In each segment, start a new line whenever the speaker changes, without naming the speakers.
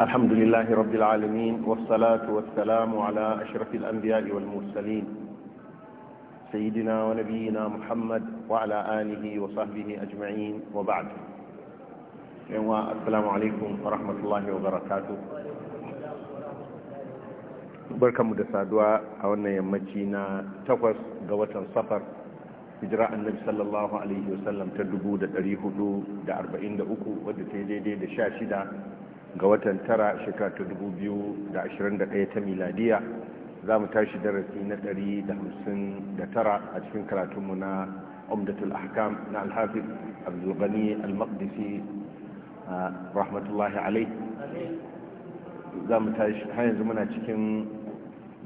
الحمد لله رب العالمين والصلاة والسلام على أشرف الأنبياء والمرسلين سيدنا ونبينا محمد وعلى آله وصحبه أجمعين وبعد السلام عليكم ورحمة الله وبركاته barkanmu da saduwa a wannan yammaci na takwas ga watan safar hijira annabi sallallahu alaihi wasallam ta 443 wadda ta yi daidai da shida. ga watan tara shekara ta ɗaya ta miladiya za mu tashi darasi na 159 a cikin karatunmu na umdatul ahkam na alhafiz abdulgani al rahmatullahi alai za mu tashi har yanzu muna cikin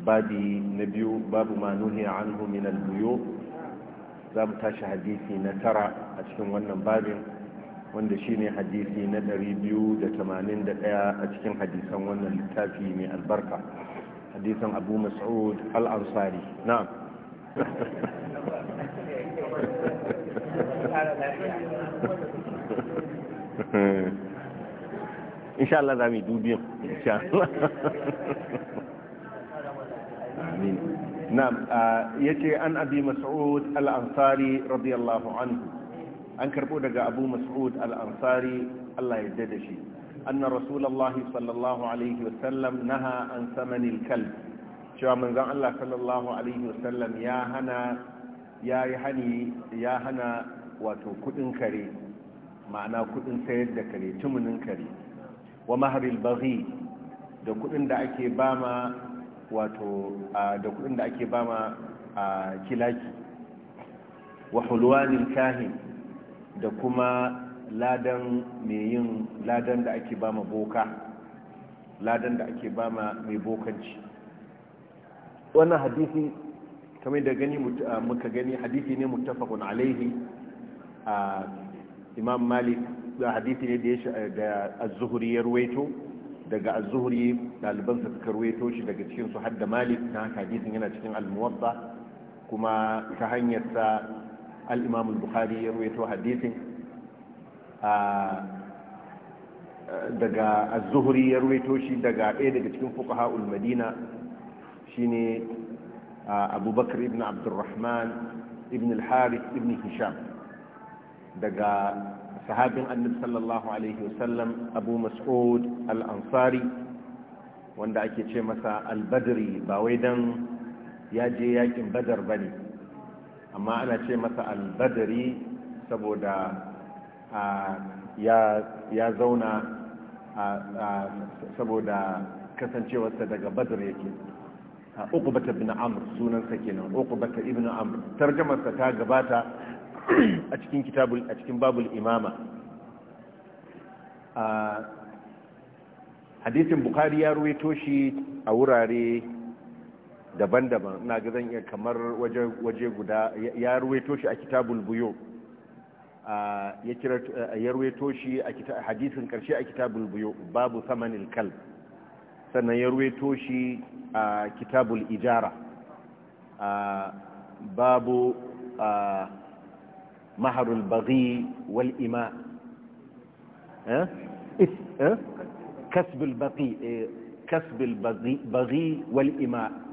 babi na biyu babu ma a anhu min al za mu tashi hadisi na tara a cikin wannan babin wanda shine hadisi na 281 a cikin hadisan wannan littafi mai albarka hadisan abu mas'ud al-ansari na'am insha Allah za mu dubiyan insha Allah amin na'am yace an abi mas'ud al-ansari radiyallahu anhu an karbo daga abu mas'ud al-ansari Allah ya da shi anna rasulullahi sallallahu alaihi wasallam naha an samanil kalb cewa manzon Allah sallallahu alaihi wasallam ya hana ya yi hani ya hana wato kudin kare ma'ana kudin sayar da kare tumunin kare wa maharil baghi da kudin da ake bama wato da kudin da ake bama kilaki wa hulwanin kahin da kuma ladan mai yin ladan da ake ba ma boka ladan da ake ba ma mai bokanci wannan hadisi kamar da gani ah, muka gani hadisi ne muttafaqun alaihi a ah, imam malik da hadisi ne da az-zuhri ya ruwaito daga az-zuhri daliban sa suka ruwaito shi daga cikin su hadda malik na hadisin yana cikin al-muwatta kuma ta hanyar sa al-imam al-bukhari ya daga az-zuhri ya rawaito shi daga ɗaya daga cikin fuqaha al-madina shine abubakar ibn abdurrahman ibn al-harith ibn hisham daga sahabin annabi sallallahu alaihi wasallam abu mas'ud al-ansari wanda ake ce masa al-badri ba wai dan ya je yakin badar bane amma ana ce masa albadari saboda ya zauna saboda kasancewarsa daga badar yake uqbata ibn amr sunansa kenan uqbata ibn amr tarjamarsa ta gabata a cikin kitabul a cikin babul imama hadisin bukhari ya ruwaito shi a wurare daban-daban na ga zan iya kamar waje guda ya ruwaito shi a kitabul buyo ya kira ya ruwaito shi a hadisin karshe a kitabul buyo babu samanin kal sannan ya ruwaito shi a kitabul ijara babu maharul baghi wal ima eh? Eh? kasbul eh, baghi wal ima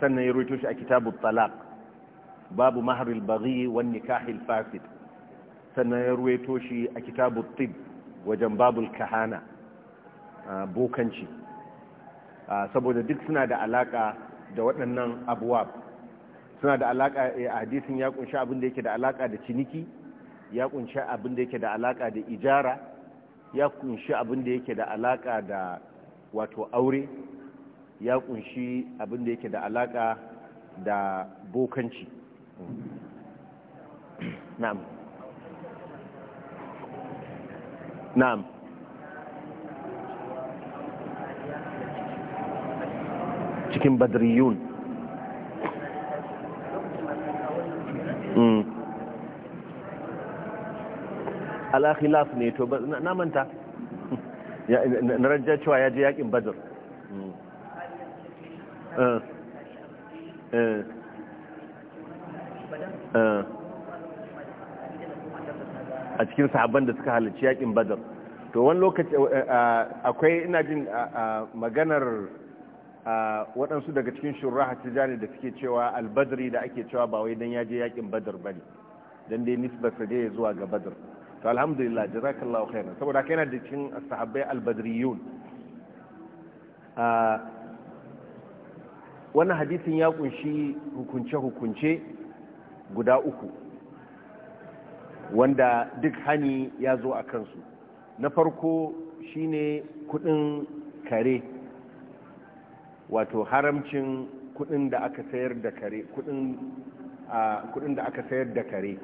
sannan ya ruwaito shi a kitabu talaq babu maharil baghi wan nikahil fasid sannan ya ruwaito shi a kitabu tib wajen babul kahana bokanci saboda duk suna da alaka da waɗannan abuwab suna da alaka eh, a hadisin ya kunshi abin da yake da alaka da ciniki ya kunshi abin da yake da alaka da ijara ya kunshi abin da yake da alaka da wato aure ya kunshi abin da yake da alaka da bokanci na'am na'am cikin badriyun hmm. ala khilaf ne to na manta na rajja cewa ya je yakin badr a cikin sahabban da suka halarci yakin badar to wani lokaci eh, eh, akwai ina jin maganar waɗansu daga cikin shurraha tijani da suke cewa albadari da ake cewa ba wai don ya je yakin badar ba ne don dai nisbarsa dai zuwa ga badar to alhamdulillah jazakallahu khairan saboda kai na da cikin sahabbai yun. wannan hadisin ya kunshi hukunce-hukunce guda uku wanda duk hani ya zo a kansu na farko shine kudin kare wato haramcin kudin da aka sayar da kare kudin da aka sayar da kare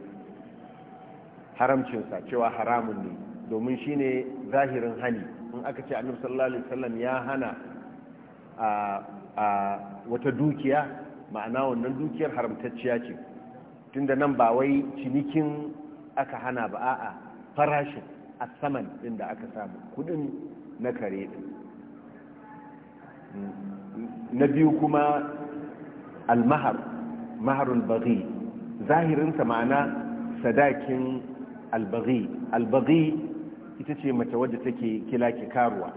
haramcinsa cewa haramun ne domin shine zahirin hani in aka ce annabi sallallahu alaihi wasallam ya hana a wata dukiya ma'ana wannan dukiyar haramtacciya ce tunda nan ba wai cinikin aka hana ba a'a farashin a saman din da aka samu kudin na kare din na biyu kuma almahar maharul baghi zahirinsa ma'ana sadakin albaghi albaghi ita ce mace wadda take kila ki karuwa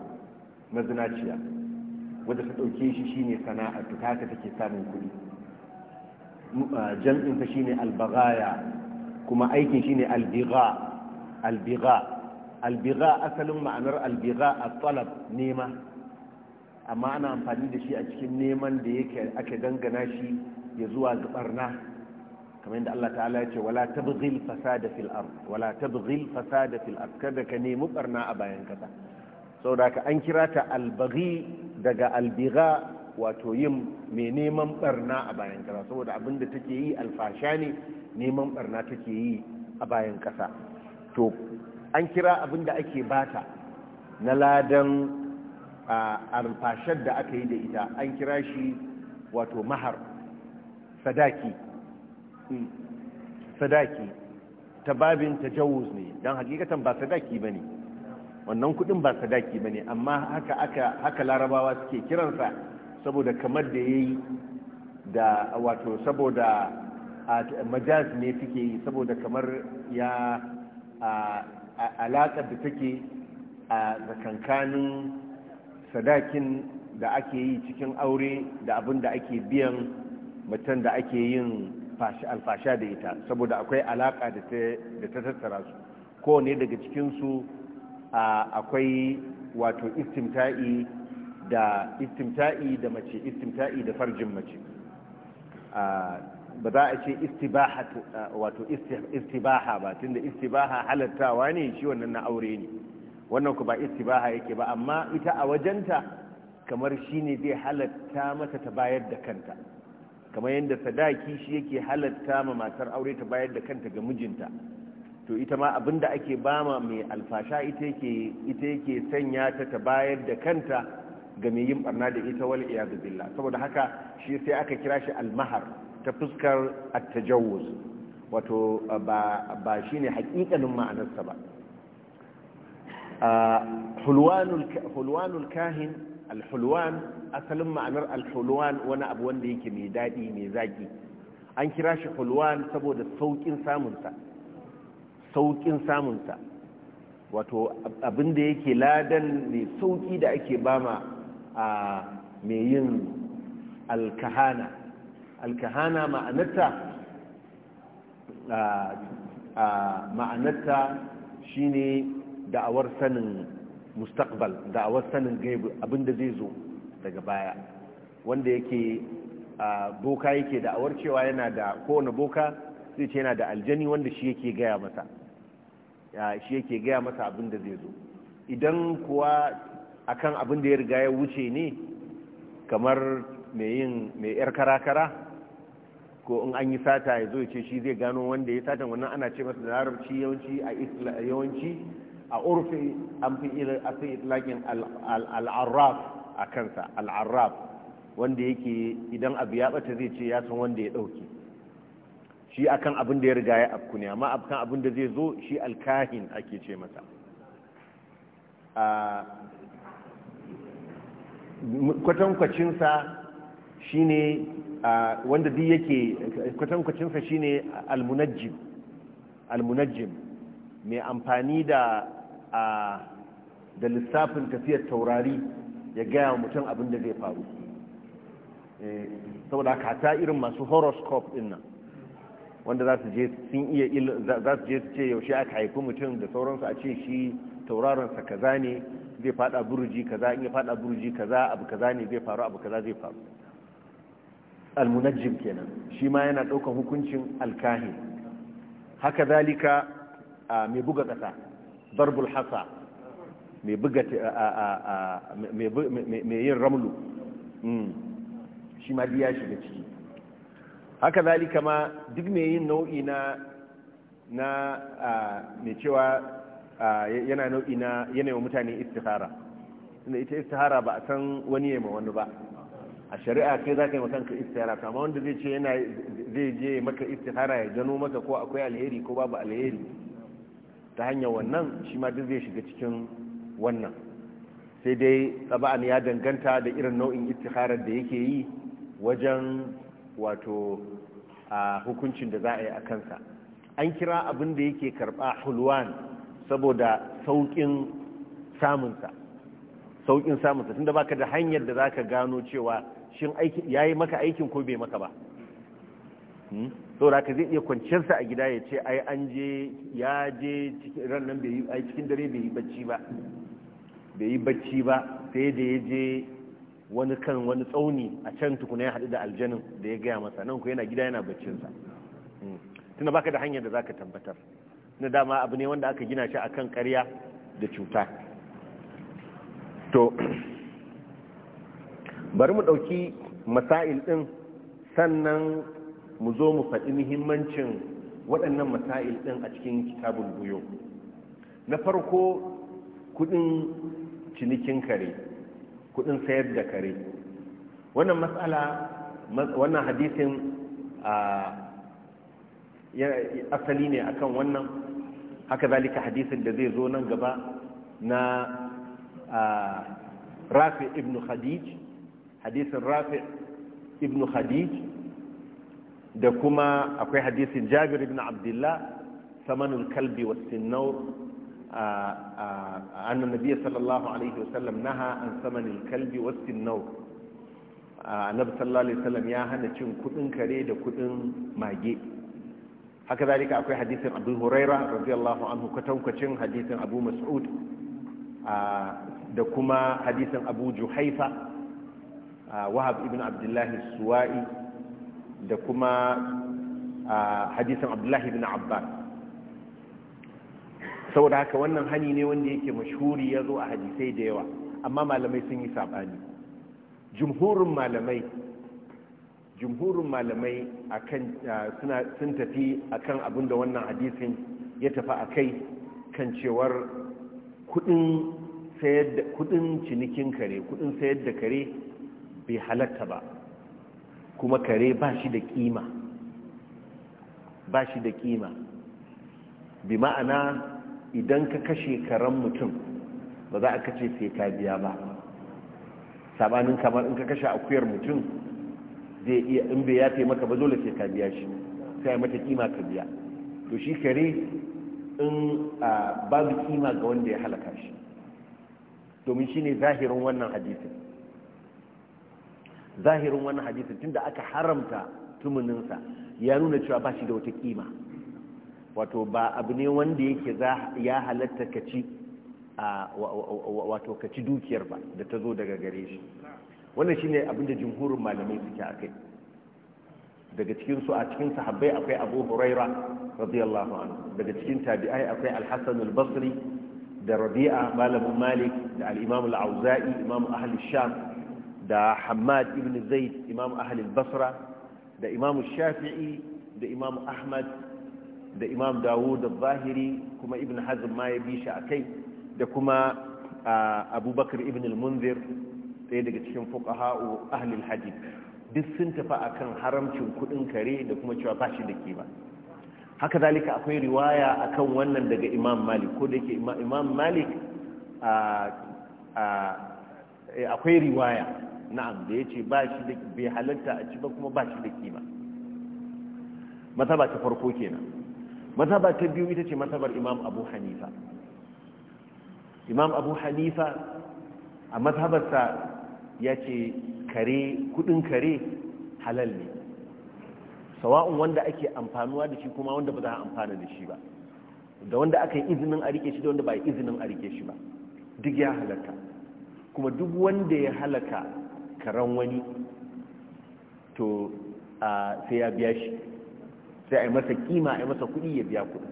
mazinaciya wanda ta ɗauke shi shine sana'a ta haka take samun kuɗi jam'in ta shine albagaya kuma aikin shine albiga albiga albiga asalin ma'anar albiga a talab nema amma ana amfani da shi a cikin neman da yake ake dangana shi ya zuwa ga barna kamar yadda Allah ta'ala ya ce wala tabghil fasada fil ard wala tabghil fasada fil ard kada ka nemi barna a bayan kasa saboda ka an kira ta albaghi daga albiga wato yin mai neman barna a bayan kasa saboda abinda da take yi alfasha ne neman barna take yi a bayan kasa to an kira abinda ake bata na ladan alfashar da aka yi da ita an kira shi wato mahar sadaki hmm. sadaki ta babin tajawuz ne don hakikatan ba sadaki ba ne wannan kudin ba sadaki ba ne amma haka aka haka larabawa suke kiransa saboda kamar da yayi da wato saboda majaz ne suke yi saboda kamar ya alaƙar da take a zakankanin sadakin da ake yi cikin aure da abin da ake biyan mutum da ake yin alfasha da ita saboda akwai alaƙa da ta tattara su kowane daga cikinsu akwai wato istimta'i da istimta'i da mace istimta'i da farjin mace ba za a ce istibaha wato istibaha ba tunda istibaha halattawa ne shi wannan na aure ne wannan ku ba istibaha yake ba amma ita a wajenta kamar shi ne zai halatta mata ta bayar da kanta kamar yadda sadaki shi yake halatta ma matar aure ta bayar da kanta ga mijinta to ita ma abin da ake bama mai alfasha ita yake ita yake sanya ta ta bayar da kanta ga mai yin barna da ita wal iyadu billah saboda haka shi sai aka kira shi almahar ta fuskar at-tajawuz wato uh, ba ba shine hakikanin ma'anarsa ba uh, hulwanul hulwanul kahin alhulwan asalin ma'anar alhulwan wani abu wanda yake mai dadi mai zaki an kira shi hulwan saboda saukin samunsa sa sauƙin samunsa wato abin da yake ladan ne sauƙi da ake bama a mai yin alkahana alkahana ma'anarta ma'anarta shine da'awar sanin mustaqbal da'awar sanin gaibu abin da zai zo daga baya wanda yake boka yake da'awar cewa yana da kowane boka zai ce yana da aljani wanda shi yake gaya masa shi yake gaya masa abin da zai zo idan kuwa akan abin da ya riga ya wuce ne kamar mai yin mai yar karakara ko in an yi sata ya zo ya ce shi zai gano wanda ya satan wannan ana ce masa da larabci yawanci a yawanci a urfi an fi itlaƙin al'arraf a kansa al'arraf wanda yake idan abu ya ɓata zai ce ya san wanda ya ɗauki shi akan abin da ya riga ya afku ne amma akan abin da zai zo shi alkahin ake ce masa kwatankwacinsa shine wanda yake kwatankwacinsa shi almunajjim almunajjim mai amfani da da lissafin tafiyar taurari ya gaya wa mutum abin da zai faru eh, saboda kata irin masu horoscope din nan wanda za su je sun iya za su je su ce yaushe aka haifi mutum da sauransu a ce shi tauraron sa kaza ne zai fada burji kaza in ya fada burji kaza abu kaza ne zai faru abu kaza zai faru almunajjim kenan shi ma yana daukan hukuncin alkahin haka zalika mai buga kasa darbul hasa mai buga mai yin ramlu hmm. shi ma ya shiga ciki haka zalika ma duk mai yin nau'i na na mai cewa yana nau'i na yanayin mutane istihara inda ita istihara ba a san wani yamma wani ba a shari'a kai za ka yi makanka istihara kama wanda zai ce yana zai je maka istihara ya gano maka ko akwai alheri ko babu alheri ta hanyar wannan shi ma duk zai shiga cikin wannan sai dai tsaba'an ya danganta da irin nau'in istiharar da yake yi wajen wato a hukuncin da za a yi a kansa an kira abin da yake karba hulwan saboda saukin samunsa saukin samunsa tunda baka da hanyar da zaka gano cewa shin ya yi maka aikin ko bai maka ba hmm? saboda ka zai iya kwanciyarsa a gida ya ce ai an je ya je ran nan bai yi cikin dare bai yi bacci ba bai yi bacci ba sai da ya je wani kan wani tsauni a can tukuna ya haɗu da aljanin da ya gaya masa nan ku yana gida yana baccinsa mm. tuna baka da hanyar da za ka tabbatar na dama abu ne wanda aka gina shi a kan ƙarya da cuta to bari mu ɗauki masail ɗin sannan mu zo mu faɗi muhimmancin waɗannan masail ɗin a cikin kitabun buyo na farko kuɗin cinikin kare kudin sayar da kare wannan matsala wannan hadisin asali ne akan wannan haka zalika hadisin da zai zo nan gaba na rafi ibn khadij hadisin rafi ibn khadij da kuma akwai hadisin jabir ibn abdullah samanul kalbi wa sinnaur أن النبي صلى الله عليه وسلم نهى عن ثمن الكلب والسنو النبي صلى الله عليه وسلم يا هنا تشن كدن كري da kuɗin mage haka zalika akwai hadisin Abu Huraira radiyallahu anhu kwatankwacin hadisin Abu Mas'ud da kuma hadisin Abu Juhaifa Wahab ibn Abdullah as-Suwa'i da kuma hadisin Abdullah ibn Abbas saboda haka wannan hani ne wanda yake mashuri ya zo a hadisai da yawa amma malamai sun yi saɓani jumhurin malamai jumhurin malamai sun tafi akan abin da wannan hadisin ya tafi a kai kan cewar kudin kudin cinikin kare kudin sayar da kare bai halatta ba kuma kare ba shi da kima ba shi da kima bi ma'ana idan ka kashe karen mutum ba za a kace sai ka biya ba sabanin kamar in ka kashe akuyar mutum zai iya in bai yafe maka ba dole sai ka biya shi sai mata kima ka biya to shi kare in babu kima ga wanda ya halaka shi domin shine zahirin wannan hadisi zahirin wannan hadisin tunda aka haramta tumuninsa ya nuna cewa ba shi da wata kima wato ba abu ne wanda yake ya halatta ka ci wato ka ci dukiyar ba da ta zo daga gare shi wannan shine abin da jumhurin malamai suke a kai daga su a cikin sahabbai akwai abu huraira radiyallahu anhu daga cikin tabi'ai akwai alhassan al-basri da rabi'a malamin malik da al-imam al-auza'i imam ahli sham da hamad ibn zaid imam ahli basra da imam shafi'i da imam ahmad da imam dawud da zahiri kuma ibn hazm ma ya bi shi a kai da kuma abubakar ibn al-munzir ɗaya daga cikin fuqaha'u ahlul hadith duk sun tafi akan haramcin kudin kare da kuma cewa ba shi da ba haka zalika akwai riwaya akan wannan daga imam malik ko da yake imam malik eh, akwai riwaya na'am da yace ba shi da bai halatta a ci ba kuma ba shi da kima mataba ta farko kenan mazhaba ta biyu ita ce mazhabar imam abu hanifa imam abu hanifa a mazhabarsa ya ce kare kudin kare halal ne sawa'un wanda ake amfanuwa da shi kuma wanda ba za a amfana da shi ba da wanda aka yi izinin a rike shi da wanda ba yi izinin a rike shi ba duk ya halaka kuma duk wanda ya halaka karan wani to sai ya biya shi sai a yi masa kima a yi masa kuɗi ya biya kuɗi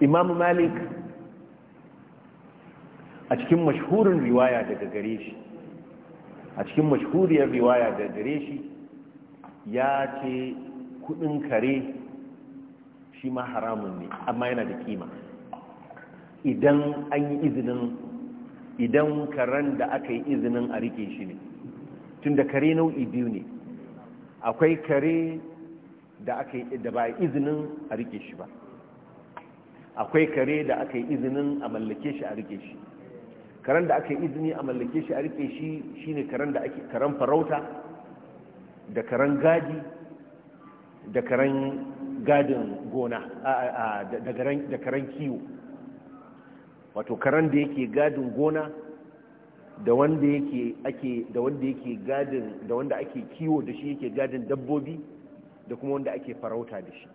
imam malik a cikin mashhurin riwaya daga gare shi a cikin mashhuriyar riwaya daga gare shi ya ce kuɗin kare shi ma haramun ne amma yana da kima idan an yi izinin idan karen da aka yi izinin a rike shi ne tun da kare nau'i biyu ne akwai kare da aka yi da ba izinin a rike shi ba akwai kare da aka yi izinin a mallake shi a rike shi karen da aka yi izini a mallake shi a rike shi shine karen da ake karen farauta da karen gadi da karen gadin gona da karen kiwo wato karen da yake gadin gona da wanda yake ake gadin da wanda ake kiwo da shi yake gadin dabbobi da kuma wanda ake farauta da shi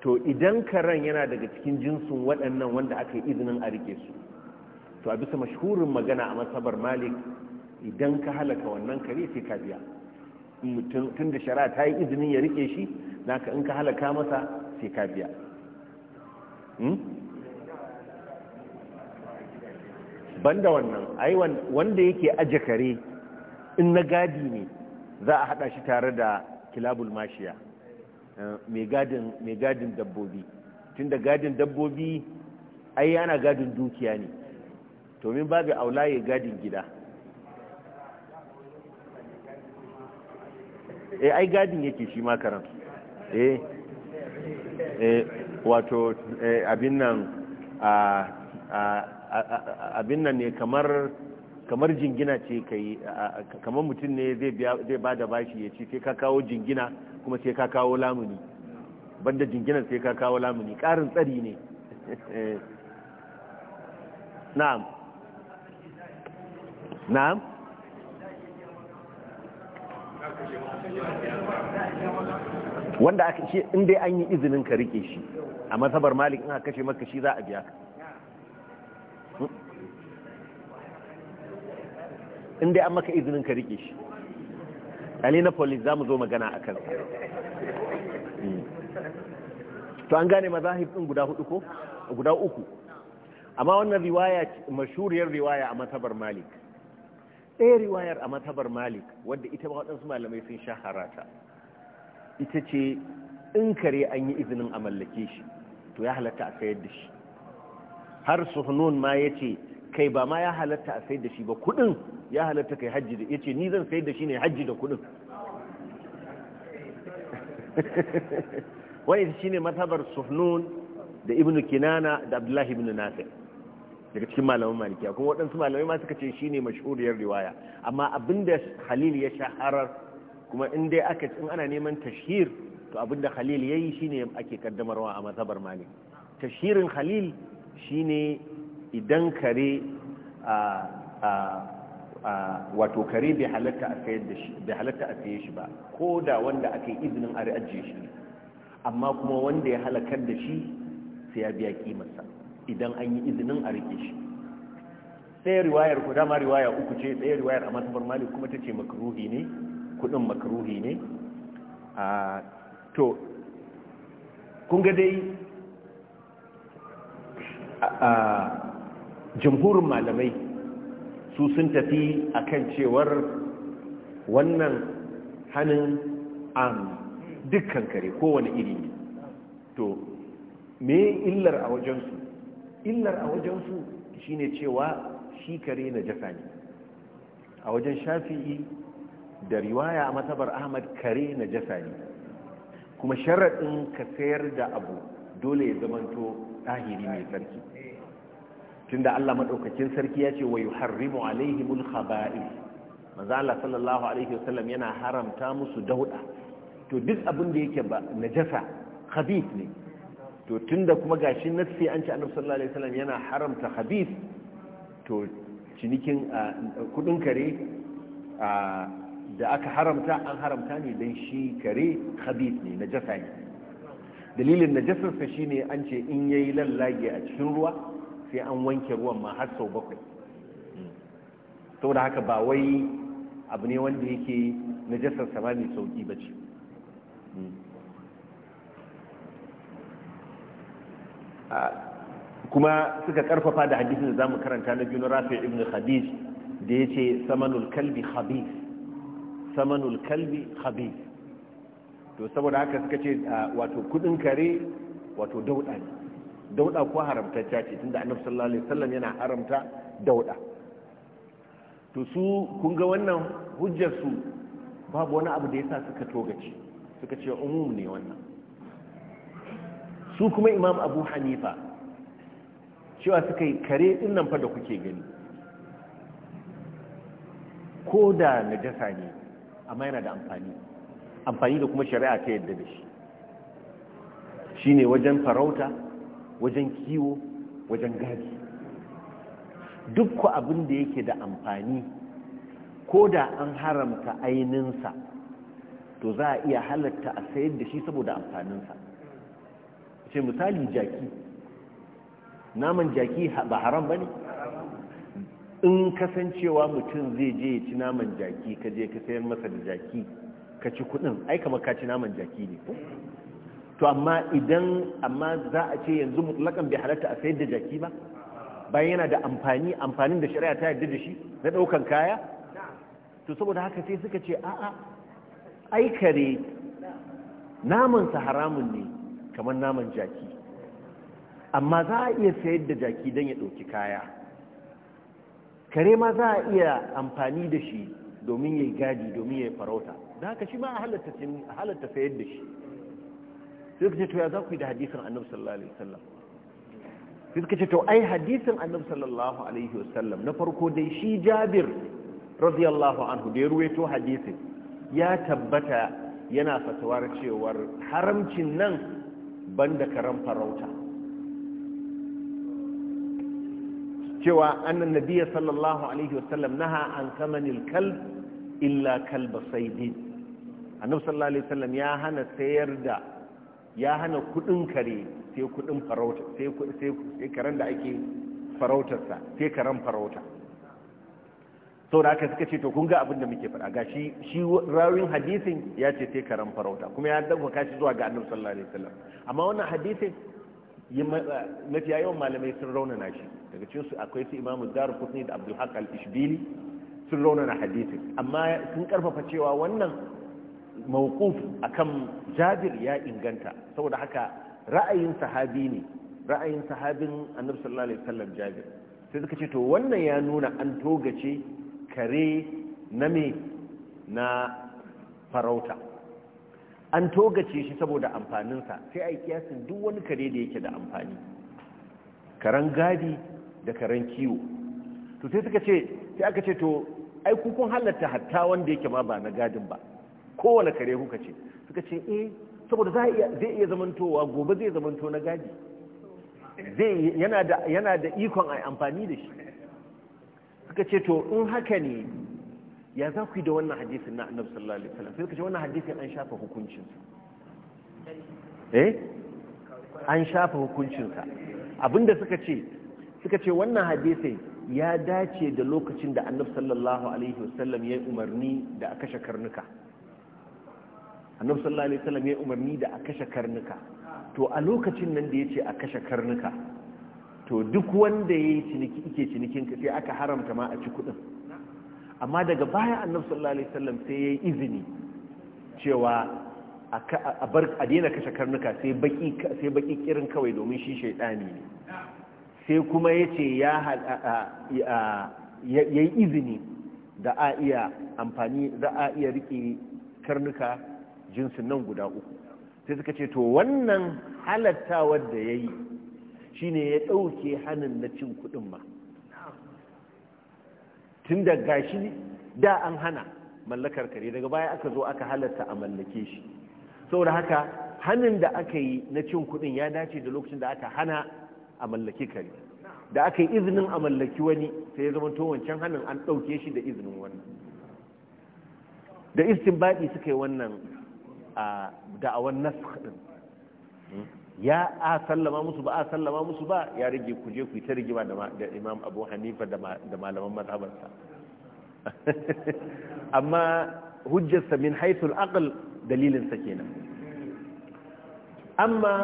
to idan karen yana daga cikin jinsin waɗannan wanda aka yi izinin a rike su to a bisa mashhurin magana a masabar malik idan ka halaka wannan kare sai ka biya tun da shari'a ta yi izinin ya rike shi naka in ka halaka masa sai ka biya hmm? banda wannan ai wanda yake aje kare in na gadi ne za a hada shi tare da kilabul mashiya eh, mai gadin dabbobi tun da gadin dabbobi ai yana gadin dukiya ne min babu aula ya gadin gida e ai gadin yake shi makaran e eh, wato abin nan a abin nan ne kamar kamar jingina ce kai kamar mutum ne zai ba da bashi ya ce sai ka kawo jingina kuma sai ka kawo lamuni banda jingina sai ka kawo lamuni Karin tsari ne na'am na'am wanda aka ce in dai an yi izinin ka rike shi a mazhabar malik in aka kashe maka shi za a biya ka inda an maka izinin ka rike shi ali na polis za mu zo magana a kansa hmm. to an gane mazahib ɗin guda hudu ko guda uku amma wannan riwaya mashuriyar riwaya a matabar malik ɗaya riwayar a matabar malik wadda ita ba waɗansu malamai sun shahara ta ita ce in kare an yi izinin a mallake shi to ya halatta a sayar da shi har suhnun ma ya ce kai ba ma ya halatta a sai da shi ba kudin ya halatta kai hajji da ya ce ni zan sai da shi ne hajji da kudin wani shi ne matabar suhnun da ibn kinana da abdullahi ibn nasir daga cikin malaman malikiya kuma waɗansu malamai ma suka ce shi ne mashuriyar riwaya amma abinda halil ya shaharar kuma in dai aka in ana neman tashir to abinda halil ya yi shi ne ake kaddamarwa a matabar malik tashirin halil shine idan kare wato kare bai halatta a saye shi ba ko da wanda aka yi izinin a ajiye shi amma kuma wanda ya halakar da shi sai ya biya kimarsa idan an yi izinin a rike shi ɗaya riwayar ku dama riwaya uku ce ɗaya riwayar a matafar mali kuma ta ce makaruhi ne kudin makaruhi ne to kun ga dai jamhurin malamai su sun tafi akan cewar wannan hannun am dukkan kare kowane iri ne to me illar a wajensu illar a wajensu shine cewa shi kare na jasa ne a wajen shafi'i da riwaya a matabar ahmad kare na jasa ne kuma sharaɗin ka sayar da abu dole ya zamanto tahiri mai sarki tunda Allah madaukakin sarki ya ce wa yuharrimu alaihimul khaba'i manzo Allah sallallahu alaihi wasallam yana haramta musu dauda to duk abin da yake ba najasa khabith ne to tunda kuma gashi nassi an ce annabi sallallahu alaihi wasallam yana haramta khabith to cinikin kudin kare da aka haramta an haramta ne dan shi kare khabith ne najasa ne dalilin najasarsa shine an ce in yayi lallage a cikin ruwa sai an wanke ruwan ma har sau bakwai saboda haka ba wai abu ne wanda yake najasarsa ba mai sauki ba ce kuma suka karfafa da hadisin da zamu karanta na biyu na rafi ibn khadij da yace samanul kalbi khabith samanul kalbi khabith to saboda haka suka ce ah, wato kudin kare wato dauda ne dauda ko haramtacciya ce tunda annabi sallallahu alaihi wasallam yana haramta dauda to su kun ga wannan hujjar su babu wani abu da yasa suka togace suka ce umum ne wannan su kuma imam abu hanifa cewa suka yi kare din nan fa da kuke gani ko da najasa ne amma yana da amfani amfani da kuma shari'a ta yadda da shi shi ne wajen farauta wajen kiwo wajen gadi dukku abin da yake da amfani ko da an haramta ainihinsa to za a iya halatta a sayar da shi saboda amfaninsa ce misali jaki naman jaki ba haram ba ne in kasancewa mutum zai je ya ci naman jaki ka je ka sayar masa da jaki ka ci kudin ai kamar ka ci naman jaki ne to amma idan amma za a ce yanzu mutlakan bai halatta a sayar da jaki ba bayan yana da amfani amfanin da shari'a ta yarda da shi na daukan kaya to saboda haka sai suka ce a'a ai kare naman sa haramun ne kamar naman jaki amma za a iya sayar da jaki don ya ɗauki kaya kare ma za a iya amfani da shi domin ya yi gadi domin ya yi farauta da haka shi ma a halatta sayar da shi sai suka ce to ya za ku yi da hadisin annabi sallallahu alaihi wasallam sai suka ce to ai hadisin annabi sallallahu alaihi wasallam na farko dai shi jabir radiyallahu anhu da ya ruwaito hadisin ya tabbata yana fatawar cewar haramcin nan ban banda karan farauta cewa annan nabiya sallallahu alaihi wasallam naha an kamanil kal illa kalba saidin annabi sallallahu alaihi wasallam ya hana sayar da ya hana kudin kare sai kudin farauta sai sai karen da ake sa sai karen farauta sau da aka suka ce to kun ga abin da muke faɗa ga shi rawin hadisin ya ce sai karen farauta kuma ya dauka shi zuwa ga annabi sallallahu alaihi wasallam amma wannan hadisin mafi yawan malamai sun raunana shi daga cikin su akwai su imamu kusni da abdul haq al-ishbili sun raunana hadisin amma sun karfafa cewa wannan a kan jabir ya inganta saboda haka ra'ayin sahabi ne ra'ayin sahabin annabi sallallahu alaihi wasallam jabir sai suka ce to wannan ya nuna an togace kare na me na farauta an togace shi saboda amfaninsa sai a yi kiyasin duk wani kare da yake da amfani karen gadi da karen kiwo to sai suka ce sai aka ce to ai kun halatta hatta wanda yake ma ba na gadin ba kowane kare kuka ce suka ce eh saboda zai iya zamantowa gobe zai zamanto na gadi yana da ikon a amfani da shi suka ce to in haka ne ya za ku yi da wannan hadisin na annabi sallallahu alaihi wasallam sai suka ce wannan hadisin an shafa hukuncinsa eh an shafa hukuncinsa abinda suka ce suka ce wannan hadisin ya dace da lokacin da annabi sallallahu alaihi wasallam ya umarni da aka shakar nuka. annabi sallallahu alaihi wasallam ya umarni da a kashe karnuka to a lokacin nan da yace a kashe karnuka to duk wanda yayi ciniki yake cinikin ka sai aka haramta ma a ci kudin amma daga baya annabi sallallahu alaihi wasallam sai yayi izini cewa a bar a daina kashe karnuka sai baki sai baki kirin kawai domin shi shaytani ne sai kuma yace ya yayi izini da a iya amfani da a iya rike karnuka jinsin nan guda uku sai suka ce to wannan halattawar da ya yi shi ne ya ɗauke hannun na cin kuɗin ma tun da gashi da an hana mallakar kare daga baya aka zo aka halatta a mallake shi saboda haka hannun da aka yi na cin kuɗin ya dace da lokacin da aka hana a mallake kare da aka yi izinin a mallaki wani sai ya zama to wancan hannun an ɗauke shi da izinin wannan da baɗi suka yi wannan a da'awan nasakh ya a sallama musu ba a sallama musu ba ya rage ku je ku ta rigima da imam abu hanifa da malaman mazhabarsa amma hujjarsa min haithul aql dalilinsa kenan amma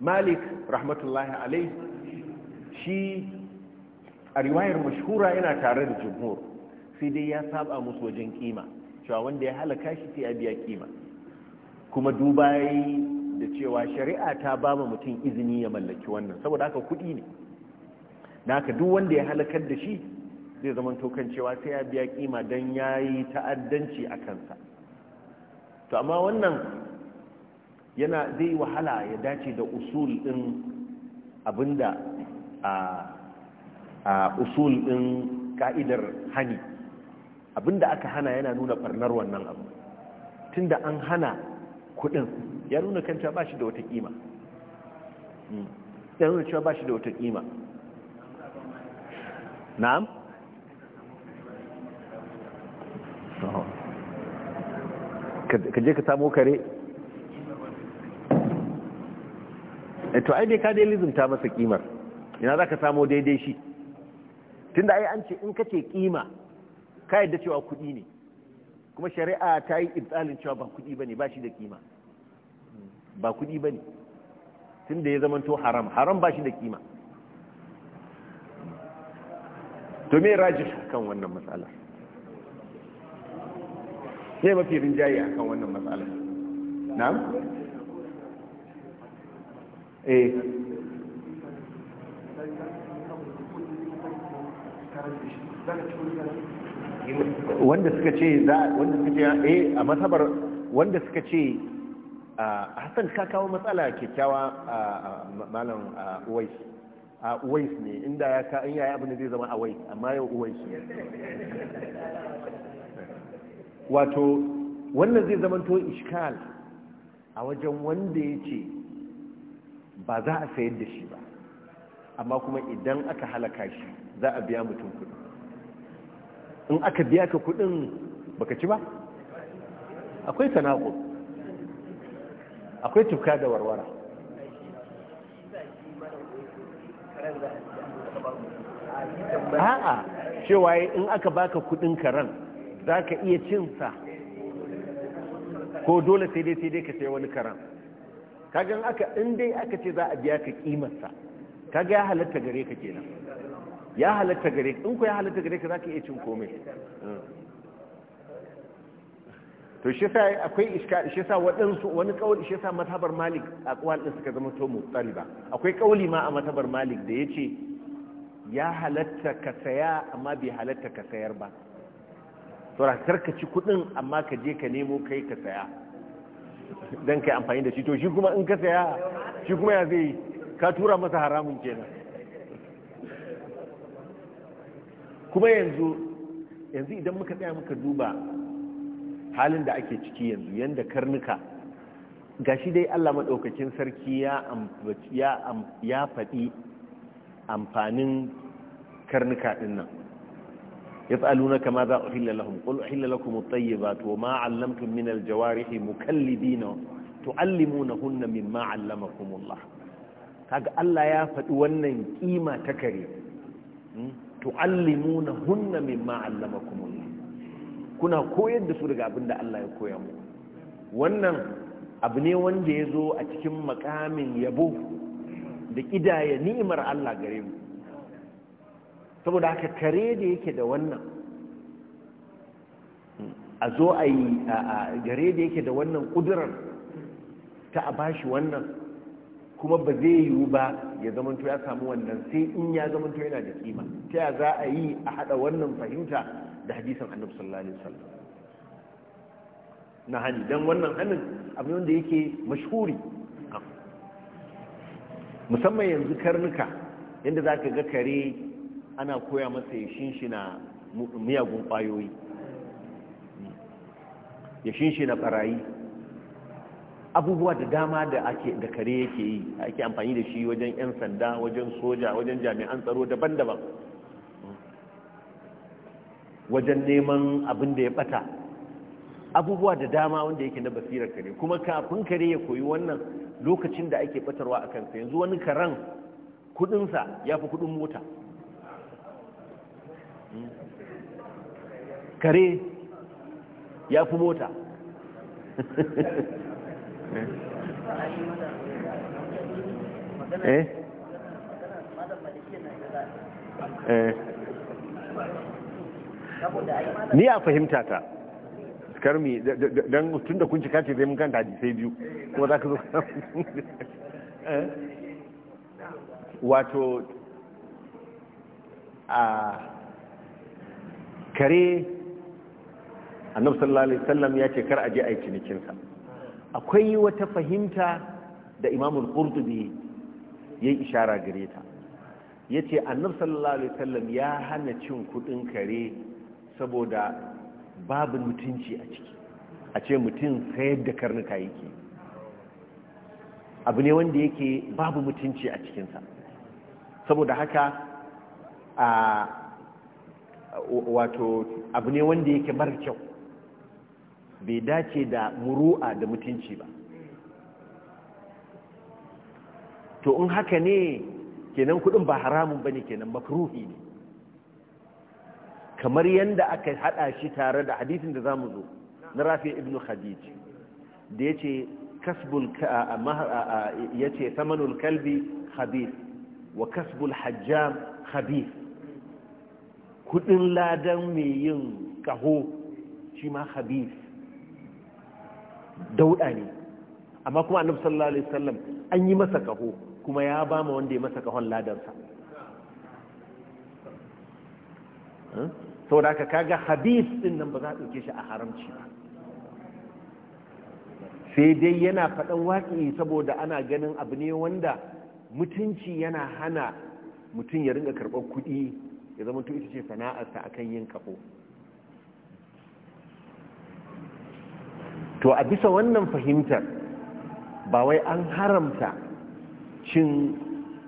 malik rahmatullahi alai shi a riwayar mashura yana tare da jumhur sai dai ya saba musu wajen kima cewa wanda ya halaka shi sai ya biya kima kuma duba yayi da cewa shari'a ta ba mutum izini ya mallaki wannan saboda haka kuɗi ne na haka duk wanda ya halakar da shi zai zama tokan cewa sai ya biya kima don ya yi ta'addanci a kansa to amma wannan yana zai wahala ya dace da usul ɗin abinda a usul ɗin ka'idar hani abinda aka hana yana nuna barnar wannan abu tunda an hana kudin ya nuna kanta ba shi da wata kima hmm. ya nuna cewa ba shi da wata kima na'am ka je ka samo kare eh, to ai dai ka dai ta masa kimar ina za ka samo daidai shi tunda ai an ce in ka ce kima ka yadda cewa kuɗi ne kuma shari'a ta yi ibsalin cewa ba kuɗi bane ba shi da kima ba kuɗi bane tunda ya zamanto haram haram ba shi da kima to me raji kan wannan matsalar sai mafi rinjaye akan wannan matsalar na'am eh wanda suka ce za wanda suka ce eh a masabar wanda suka ce a Hassan ka kawo matsala kyakkyawa malam Uwais a Uwais ne inda ya ka in yayi abin da zai zama Uwais amma yau Uwais wato wannan zai zama to iskal a wajen wanda ya ce ba za a sayar da shi ba amma kuma idan aka halaka shi za a biya mutum kuɗi in aka biya ka kudin baka ci ba akwai tanako akwai tufka da warwara a'a cewa in aka baka kudin karan za ka iya cinsa ko dole sai dai sai dai ka sai wani karan kagan aka in dai aka ce za a biya ka kimarsa kaga ya halatta gare ka kenan ya halatta gare in ku ya halatta gare ka za ka iya cin komai hmm. to shi sa akwai iska shi sa waɗansu wani kauli shi sa matabar malik a ɗin suka zama to ba akwai kauli ma a matabar malik da ya ce ya halatta ka saya amma bai halatta ka sayar ba to rakar ka ci kuɗin amma ka je ka nemo kai ka saya don ka yi amfani da shi to shi kuma in ka saya shi kuma ya zai ka tura masa haramun kenan kuma yanzu yanzu idan muka tsaya muka duba halin da ake ciki yanzu yadda karnuka ga shi dai allah maɗaukakin sarki ya faɗi amfanin karnuka dinnan ya tsalu na kama za a hila lahun ƙul hila lahun mutsayi to ma allamtun min aljawari fi mukallibi na to allimu na hunna min ma kuma allah kaga allah ya faɗi wannan kima ta kare hmm? tu'allimuna hunna mimma allamakumullah kuna koyar da su daga abin Allah ya koya mu wannan abu ne wanda ya zo a cikin makamin yabo da kidaya ni'imar Allah gare mu saboda haka kare da yake da wannan a zo a yi gare da yake da wannan kudurar ta a bashi wannan kuma ba zai yiwu ba ya zamanto ya samu wannan sai in ya zamanto yana da kima ta ya za a yi a hada wannan fahimta da hadisan annabi sallallahu alaihi wasallam na hani dan wannan hannun abin wanda yake mashhuri musamman yanzu karnuka yadda za ka ga kare ana koya masa ya shinshina miyagun kwayoyi ya shinshina barayi abubuwa da dama da ake da kare yake yi ake amfani da shi wajen 'yan sanda wajen soja wajen jami'an tsaro daban-daban wajen neman abin da ya bata abubuwa da dama wanda yake na basirar kare kuma kafin kare ya koyi wannan lokacin da ake batarwa a kansa yanzu wani karen kudinsa ya fi kudin mota kare ya fi mota Eh? eh ni a fahimta ta karmi don tun da kun cika ce zai mun kanta sai biyu kuma za ka zo eh? wato a kare annabi sallallahu alaihi ya ce kar a je a yi cinikinsa akwai wata fahimta da imamul qurtubi yayi ishara gare ta yace annab sallallahu alaihi wasallam ya hana cin kudin kare saboda babu mutunci a ciki a ce mutum sayar da karnuka yake abu ne wanda yake babu mutunci a cikinsa saboda haka a wato abu ne wanda yake mara kyau bai dace da muru'a da mutunci ba to in haka ne kenan kudin ba haramun bane kenan makruhi ne kamar yanda aka hada shi tare da hadisin da zamu zo na Rafi ibn Khadij da yace kasbul yace thamanul kalbi khabith wa kasbul hajjam khabith kudin ladan mai yin kaho shi ma khabith dauda ne amma kuma annabi sallallahu alaihi wasallam an yi masa kaho kuma ya ba mu wanda ya masa kahon ladansa saboda haka kaga hadith din nan ba za a dauke shi a haramci ba sai dai yana faɗan waƙi saboda ana ganin abu ne wanda mutunci yana hana mutum ya ringa karɓar kuɗi ya zama to ita ce sana'arsa akan yin kafo to a bisa wannan fahimtar ba wai an haramta cin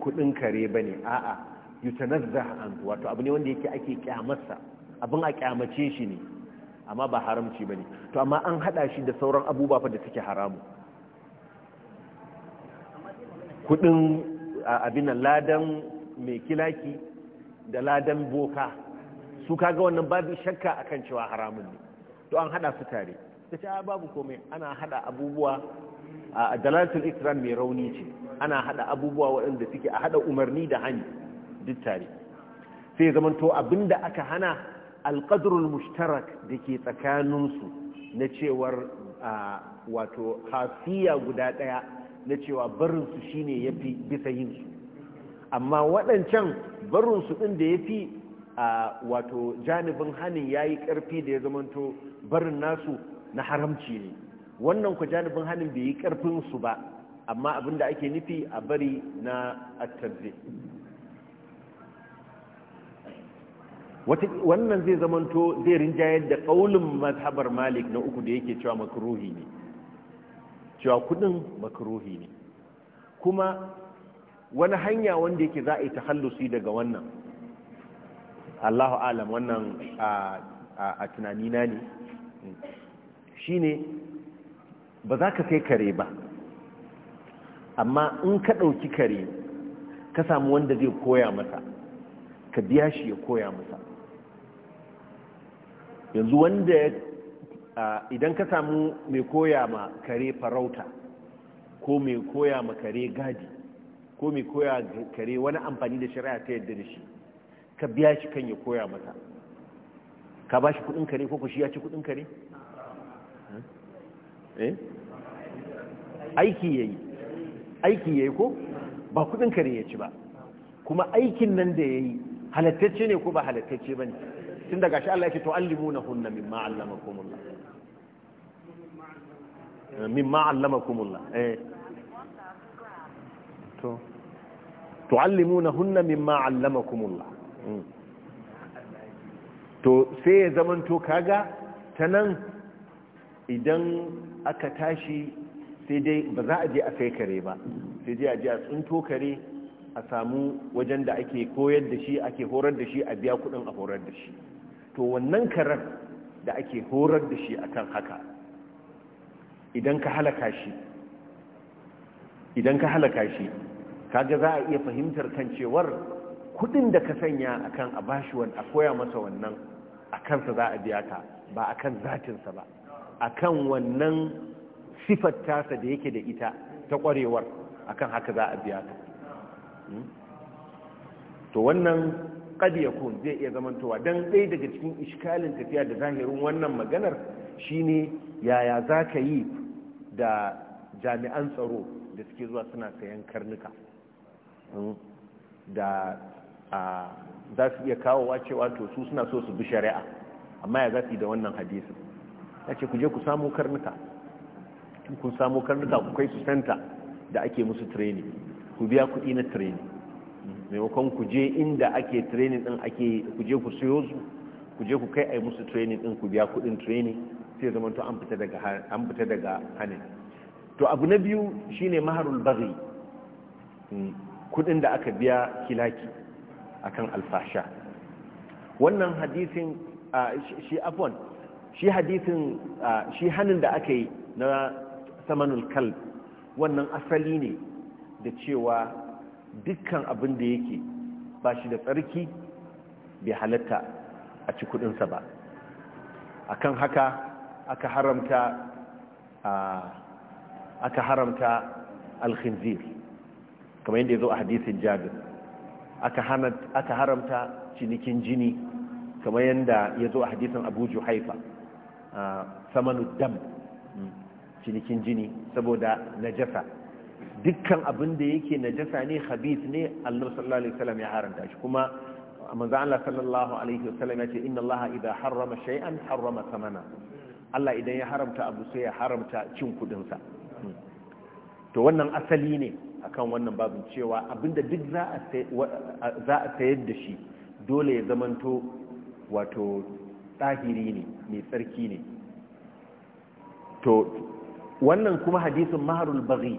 kudin kare ba ne a'a a an wato abu ne wanda yake ake kyamarsa abin a kyamace shi ne amma ba haramci ba ne to amma an hada shi da sauran abubuwa da suke haramu kudin abin ladan mai kilaki da ladan boka su kaga wannan babu shakka akan cewa haramun ne to an hada su tare ta ce babu komai ana hada abubuwa a dalalatul ikram mai rauni ce ana hada abubuwa waɗanda suke a hada umarni da hanyar duk tare sai zamanto abinda aka hana alƙadurul mushtarak dake tsakaninsu na cewar wato hafiya guda ɗaya na cewa barinsu shine yafi bisa yin su amma waɗancan barinsu ɗin da yafi fi wato janibin hanin ya yi ƙarfi da ya zamanto barin nasu na haramci ne wannan ku janibin hannun bai yi karfin su ba amma abinda ake nufi a bari na attabze wannan zai zamanto zai rinjayar da kaulin mazhabar malik na uku da yake cewa makaruhi ne cewa kudin makaruhi ne kuma wani hanya wanda yake za a yi tahallusi daga wannan allahu alam wannan a tunanina ne Shi ne ba za ka kai kare ba amma in ka ɗauki kare ka samu wanda zai koya masa ka biya shi ya koya masa yanzu wanda idan ka samu mai koya ma kare farauta ko mai koya ma kare gadi ko mai koya kare wani amfani da shari'a ta yadda da shi ka biya shi kan ya koya masa ka ba shi kudin kare ko shi ya ci kudin kare Eh? Aiki ya yi, aiki ya yi ko ba kudin kare ya ci ba kuma aikin nan da ya yi halittacce ne ko ba halittacce ba ne tun daga shi Allah ya ce to na hunna min allamakumullah eh, mimma allamakumullah eh to min ma'allama kumulla hmm. to sai ya zamanto kaga nan idan aka tashi sai dai ba za a je a kai kare ba sai dai a je a tsinto kare a samu wajen da ake koyar da shi ake horar da shi a biya kudin a horar da shi to wannan karen da ake horar da shi akan haka idan ka halaka shi idan ka halaka shi kaga za a iya fahimtar kan cewar kudin da ka sanya akan a bashi wani a koya masa wannan a kansa za a biya ka ba akan zatinsa ba akan wannan sifar tasa da yake da ita ta kwarewar akan haka za a biya ta hmm? to wannan ya yakun zai iya zamantowa don ɗaya daga cikin iskalin tafiya da zahirin wannan maganar shine yaya za ka yi da jami'an tsaro da suke zuwa suna sayan karnuka hmm? da za su iya kawowa cewa to su suna so su bi shari'a amma ya za su yi da wannan hadisin ya ce ku je ku samu karnuka kun samu karnuka ku kai su da ake musu training ku biya kuɗi na training maimakon ku je inda ake training din ake ku je ku siyo su ku je ku kai a musu training din ku biya kuɗin training sai zama to an fita daga an to abu na biyu shine maharul baghi hmm, kuɗin da aka biya kilaki akan alfasha wannan hadisin shi afwan shi hadisin shi hannun da aka yi na samanul kalb wannan asali ne da cewa dukkan abin da yake ba shi da tsarki bai halatta a ci kudinsa ba akan haka aka haramta aka haramta alkhinzir kamar yadda ya zo a hadisin jabir aka haramta cinikin jini kamar yadda ya zo a hadisin abu juhaifa samanu dam mm, cinikin jini saboda najasa dukkan abin da yake najasa ne khabith ne annabi sallallahu alaihi wasallam ya haranta shi kuma manzo Allah sallallahu alaihi wasallam ya ce inna Allah idza harrama shay'an harrama samana Allah idan ya haramta abu sai ya haramta cin kudin sa mm. to wannan asali ne akan wannan babin cewa abinda duk za a sayar da shi dole ya zamanto wato tsahiri ne mai tsarki ne to wannan kuma hadisin maharul bari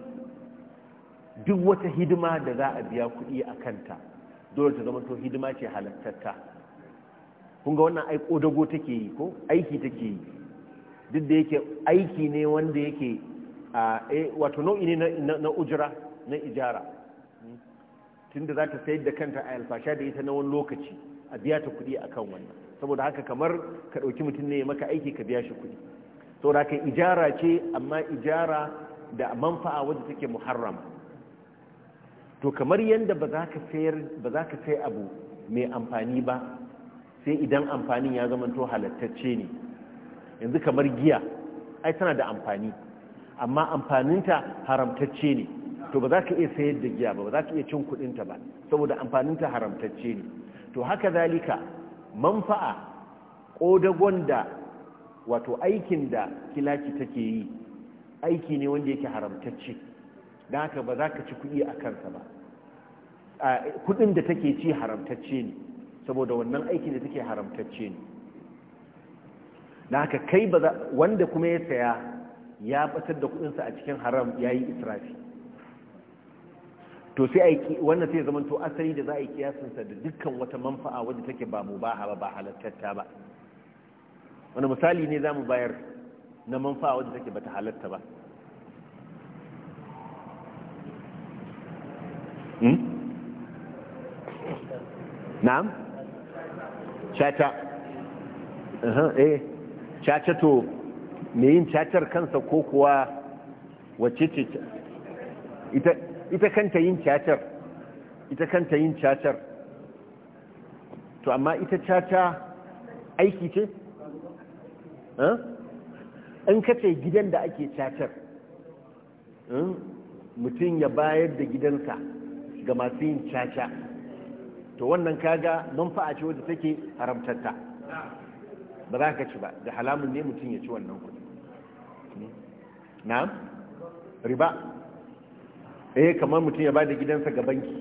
duk wata hidima da za a biya kuɗi a kanta dole ta zama to hidima ce halattatta kun ga wannan aiko dago take yi ko aiki take yi duk da yake aiki ne wanda yake eh, wato nau'i ne na ujira na ijara tunda za ta sayar da kanta a alfasha da ita na wani lokaci a biya ta kuɗi a kan wannan saboda haka kamar ka ɗauki mutum ne maka aiki ka biya shi kuɗi saboda haka ijara ce amma ijara da manfa'a wadda take muharrama to kamar yadda ba za ka sayar sai abu mai amfani ba sai idan amfanin ya zama to halattacce ne yanzu kamar giya ai tana da amfani amma amfaninta haramtacce ne to ba za ka iya sayar da giya ba ba za ka iya cin ta ba saboda amfaninta haramtacce ne to haka zalika manfa'a ƙodagon da wato aikin da kilaki take yi aiki ne wanda yake haramtacce don haka ba za ka ci kuɗi a kansa ba kuɗin da take ci haramtacce ne saboda wannan aikin da take haramtacce ne don haka kai ba wanda kuma ya saya ya batar da kuɗinsa a cikin haram ya yi israfi to sai ai wannan sai zaman to asali da za a yi kiyasin sa da dukkan wata manfa'a wadda take ba mubaha ba halattatta ba wani misali ne zamu bayar na manfa'a wadda take bata halatta ba hmm? na'am shata eh chacha to me yin chachar kansa ko kuwa wacce ce ita ita kanta yin cacar ita kanta yin cacar to amma ita caca aiki ce an eh? kace gidan da ake cacar eh, mutum ya bayar da gidansa ga masu yin caca to wannan kaga manfa'a ce wadda take haramtatta ba za ka ci ba da halamun ne mutum ya ci wannan kudi hmm? na riba eh kamar mutum ya bada gidansa ga banki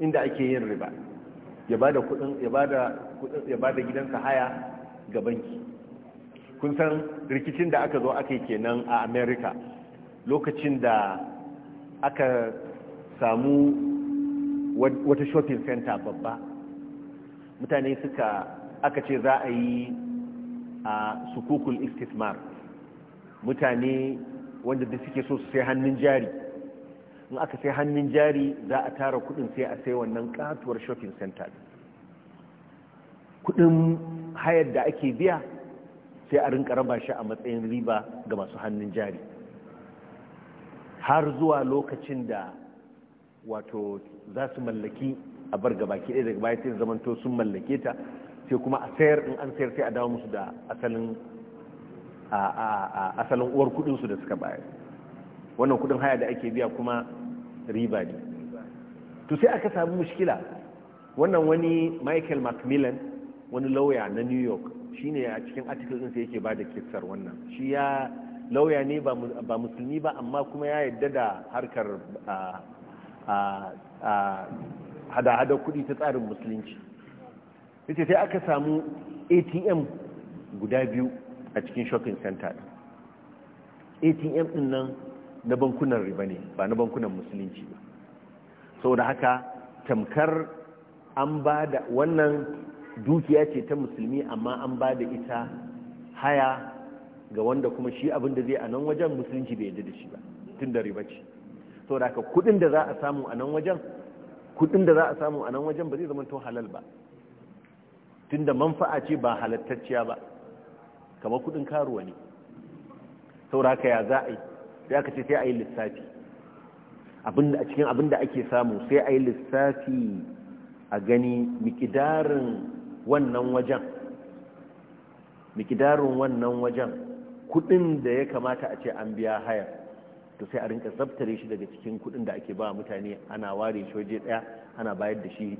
inda ake yin riba ya bada kudin ya bada kudin ya bada gidansa haya ga banki kun san rikicin da aka zo aka yi kenan a America lokacin da aka samu wata shopping center babba mutane suka aka ce za a yi a sukukul istismar mutane wanda da suke so su sai hannun jari in aka sai hannun jari za a tara kudin sai a sai wannan katuwar shopping center kudin hayar da ake biya sai a rinka raba shi a matsayin riba ga masu hannun jari har zuwa lokacin da wato za su mallaki a bar gaba ke daga baya sai zamanto sun mallake ta sai kuma a sayar in an sayar sai a dawo musu da asalin uwar kudinsu da suka bayar wannan kudin haya da ake biya kuma riba ne to sai aka samu mushkila wannan wani michael macmillan wani lauya na new york shine a cikin article ɗinsa yake ba da kisar wannan shi ya lauya ne ba musulmi ba amma kuma ya yadda da harkar hada-hada kudi ta tsarin musulunci yace sai aka samu atm guda biyu a cikin shopping center atm din nan na bankunan riba ne ba na bankunan musulunci ba saboda haka tamkar an ba da wannan dukiya ce ta musulmi amma an ba da ita haya ga wanda kuma shi abin da zai a nan wajen musulunci bai yadda da shi ba tun da riba ce saboda haka kudin da za a samu a nan wajen kudin da za a samu a nan wajen ba zai zama to halal ba tun da manfa'a ce ba halattacciya ba kamar kudin karuwa ne saboda haka ya za a yi sai aka ce sai a yi lissafi a cikin abin da ake samu sai a yi lissafi a gani mikidarin wannan wajen mikidarin wannan wajen kudin da ya kamata a ce an biya haya to sai a rinka tsabtare shi daga cikin kudin da ake ba mutane ana ware shi waje daya ana bayar da shi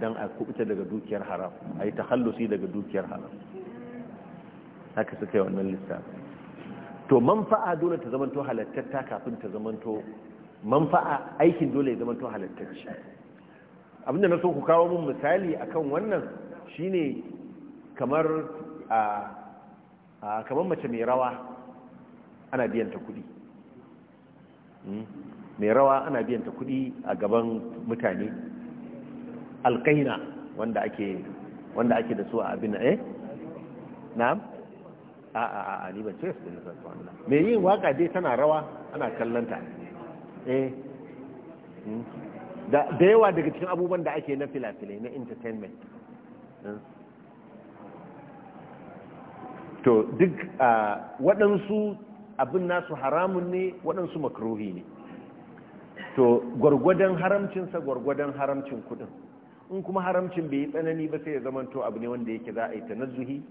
don a kubuta daga dukiyar haram a yi tahallusi daga dukiyar haram haka suka yi wannan lissafi to manfa'a dole ta zamanto halattatta kafin ta zamanto manfa'a aikin dole ya zamanto halattacci abinda na so ku kawo mun misali akan wannan shine kamar a kamar mace mai rawa ana biyan ta kudi hmm? mai rawa ana biyan ta kudi a gaban mutane alkaina wanda ake wanda ake da su a abin eh na'am a a a ni ban ce su ne san wannan me yin waka dai tana rawa ana kallanta eh hmm. da yawa daga cikin abubuwan da ake na filafile na entertainment hmm. to duk waɗansu abin nasu haramun ne waɗansu makarohi ne to gwargwadon haramcinsa gwargwadon haramcin kuɗin in kuma haramcin bai yi tsanani ba sai ya zamanto abu ne wanda yake za a yi ta nazuhi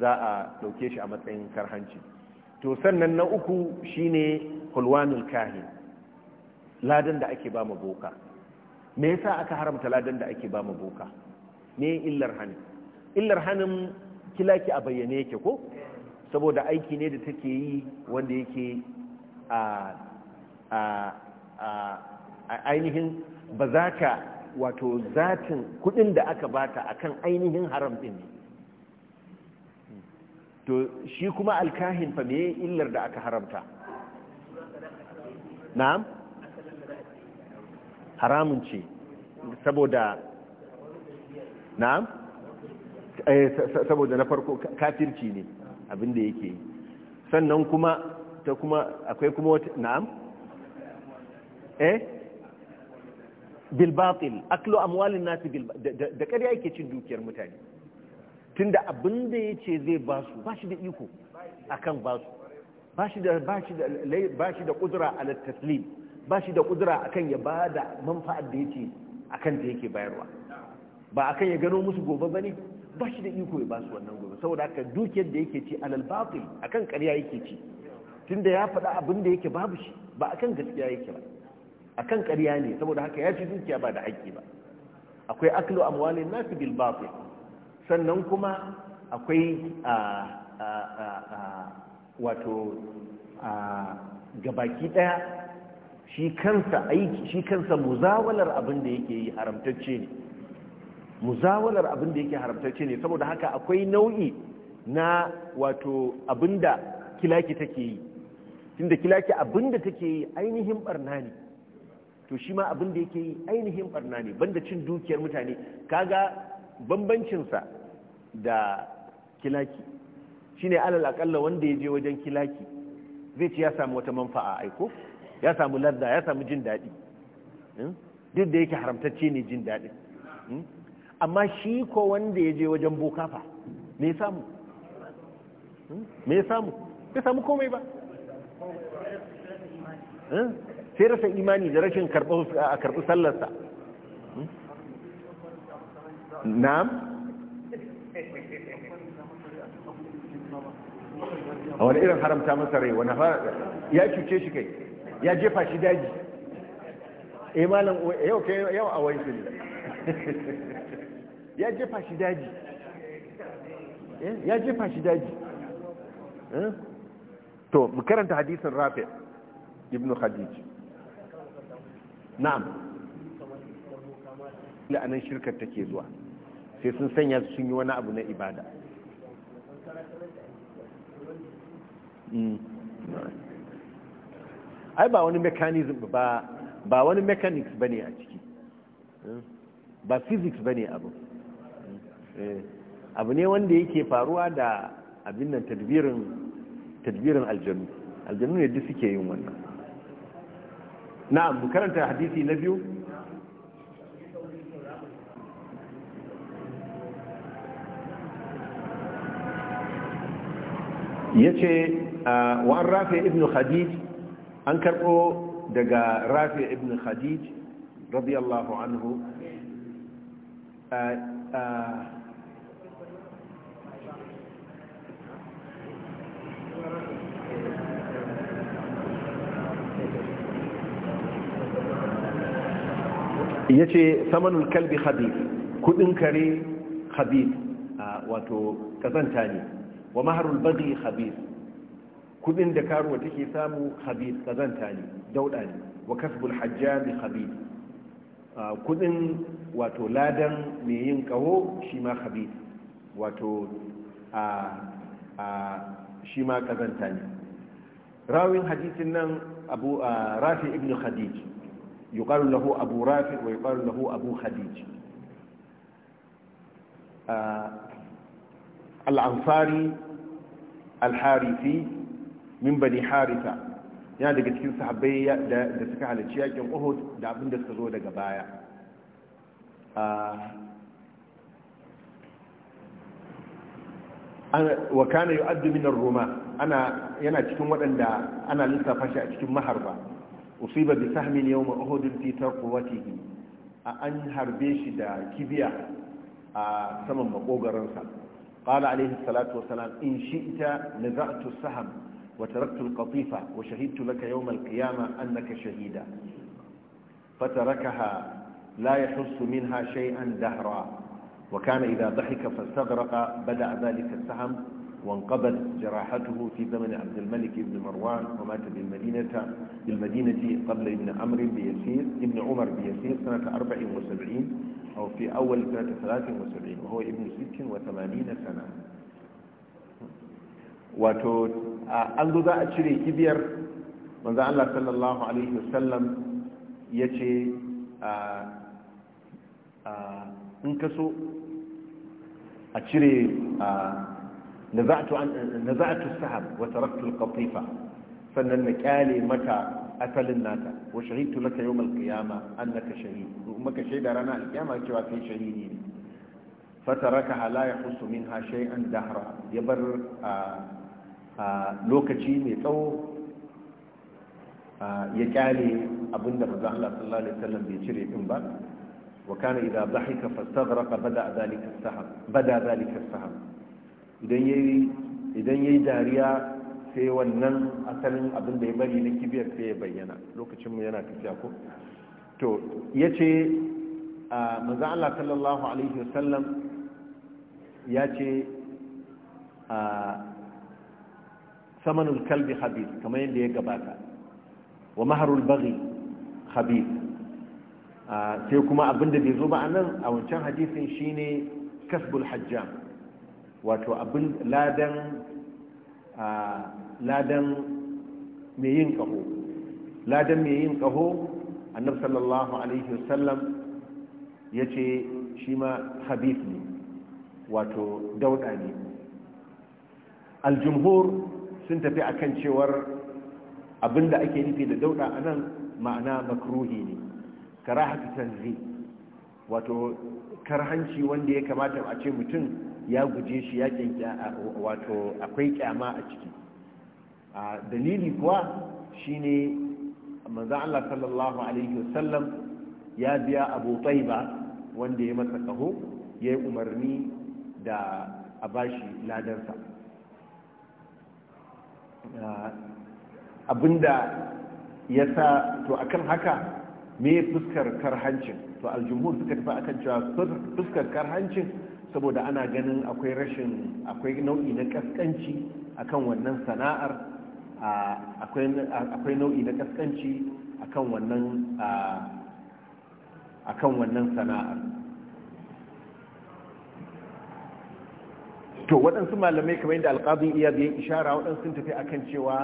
za a ɗauke shi a matsayin karhanci to sannan na uku shine hulwanul kahin ladan da ake ba ma boka me yasa aka haramta ladan da ake ba ma boka me illar hanin illar hanin kilaki a bayyane yake ko saboda aiki ne da take yi wanda yake a a a ainihin ba za ka wato zatin kudin da aka bata akan ainihin haram ɗin ne to shi kuma alkahin fa me illar da aka haramta na'am haramun ce saboda na'am eh, saboda na farko kafirci ne abinda yake yi sannan kuma ta kuma akwai kuma wata na'am eh bilbatil aklo amwalin nasi da kariya yake cin dukiyar mutane tunda abin da ya ce zai ba su ba shi da iko akan ba su ba shi da kudura a taslim ba shi da kudura akan ya ba da manfa'ar da ya ce akan da yake bayarwa ba akan ya gano musu gobe ba ne ba shi da iko ya ba su wannan gobe saboda haka dukiyar da yake ci alal batil akan karya yake ci tunda ya faɗa abin da yake babu shi ba akan gaskiya yake ba akan karya ne saboda haka ya ci dukiya ba da haƙƙi ba akwai aklu amwalin nasu bil batil sannan kuma akwai wato gabaki daya shi kansa aiki shi kansa muzawalar abin da yake yi haramtacce ne muzawalar abin da yake haramtacce ne saboda haka akwai nau'i na wato abinda kilaki take yi tunda kilaki abinda take yi ainihin barna ne to shi ma abinda yake yi ainihin barna ne banda cin dukiyar mutane kaga bambancinsa da kilaki shine alal akalla wanda ya je wajen kilaki zai ci ya samu wata manfa'a aiko ya samu ladda ya samu jin daɗi hmm? duk da yake haramtacce ne jin daɗi hmm? amma shi ko wanda ya je wajen bokafa me samu hmm? me samu ya samu komai ba sai rasa imani da rashin karɓi sallarsa
na'am a wani irin haramta masa rai wani ya cuce
shi kai ya jefa shi daji eh yau kai yau a wai ya jefa shi daji eh, ya jefa shi daji eh? to mu karanta hadisin rafi ibn khadij na'am la'anan shirkar take zuwa sai sun sanya su sun yi wani abu na ibada hmm. ai ba wani mechanism ba ba wani mechanics ba ne a ciki hmm. ba physics ba ne abu hmm. eh, abu ne wanda yake faruwa da abin nan tadbirin aljanu aljanu ne duk suke yin wannan na'am karanta hadisi na biyu yace wa rafi ibn khadij an karbo daga rafi ibn khadij radiyallahu anhu yace samanul kalbi khadij kudin kare khadij wato kazanta ne wa maharul bagi khabith kudin da karuwa take samu khabith kazanta ne dauda ne wa kasbul hajjami khabith kudin wato ladan mai yin kaho shi ma khabith wato shi ma kazanta ne rawin hadisin nan abu rafi ibn khadij yuqalu lahu abu rafi wa yuqalu lahu abu khadij al'amfari alharisi min bani harita yana daga cikin sahabai da suka halarci yakin uhud da abin da suka zo daga baya ah, wa kana yi yana cikin waɗanda ana lissafa shi a cikin maharba usiba bi sahmin yawma uhud fi a an harbe shi da kibiya a saman makogaransa قال عليه الصلاة والسلام إن شئت نزعت السهم وتركت القطيفة وشهدت لك يوم القيامة أنك شهيدا فتركها لا يحس منها شيئا دهرا وكان إذا ضحك فاستغرق بدأ ذلك السهم وانقبض جراحته في زمن عبد الملك بن مروان ومات بالمدينة بالمدينة قبل ابن عمرو بيسير ابن عمر بيسير سنة 74 أو في أول سنة 73 وهو ابن 86 سنة س ن ة واتو انظر ا ل ش من ذا الله صلى الله عليه وسلم يشي آه، آه، انكسو اشري آه، نزعت, عن نزعت السحب وتركت القطيفة ل فنن كالي متى أتل الناتا وشهدت لك يوم القيامة أنك شهيد وأمك شهيد رانا القيامة كيوا في شهيدين فتركها لا يخص منها شيئا دهرا يبر آه آه لوكا جيمي تو آه، يجالي أبو النبي صلى الله عليه وسلم بيجري تنبا وكان إذا ضحك فاستغرق بدأ ذلك السهم بدأ ذلك السهم إذا يجري إذا يجري sai wannan asalin abin da ya bari na kibiyar sai ya bayyana lokacinmu yana tafiya ko to ya ce manzan Allah sallallahu alaihi wasallam ya ce samanul kalbi habis kamar yadda ya gabata wa maharul bari habis sai kuma abin da bai zo ba a nan a wancan hadisin shine kasbul hajjam wato abin ladan ladan mai yin kaho ladan mai yin kaho annabi sallallahu alaihi wasallam ya ce shi ma habib ne wato dauda ne aljumhur sun tafi akan cewar abinda ake nufi da dauda anan ma'ana makruhi ne karaha tanzi wato karhanci wanda ya kamata a ce mutum ya guje shi ya wato akwai kyama a ciki a dalili kuwa shine manzon Allah sallallahu alaihi wasallam ya biya Abu ba wanda ya masa kaho ya yi umarni da a bashi ladarsa abinda ya sa to akan haka me fuskar karhancin to aljumhur suka tafi akan cewa fuskar karhancin saboda ana ganin akwai rashin akwai nau'i na kaskanci akan wannan sana'ar akwai nau'i na kaskanci a kan wannan sana'ar to waɗansu malamai kamar yadda alƙazin iya ya ishara waɗansu sun tafi akan cewa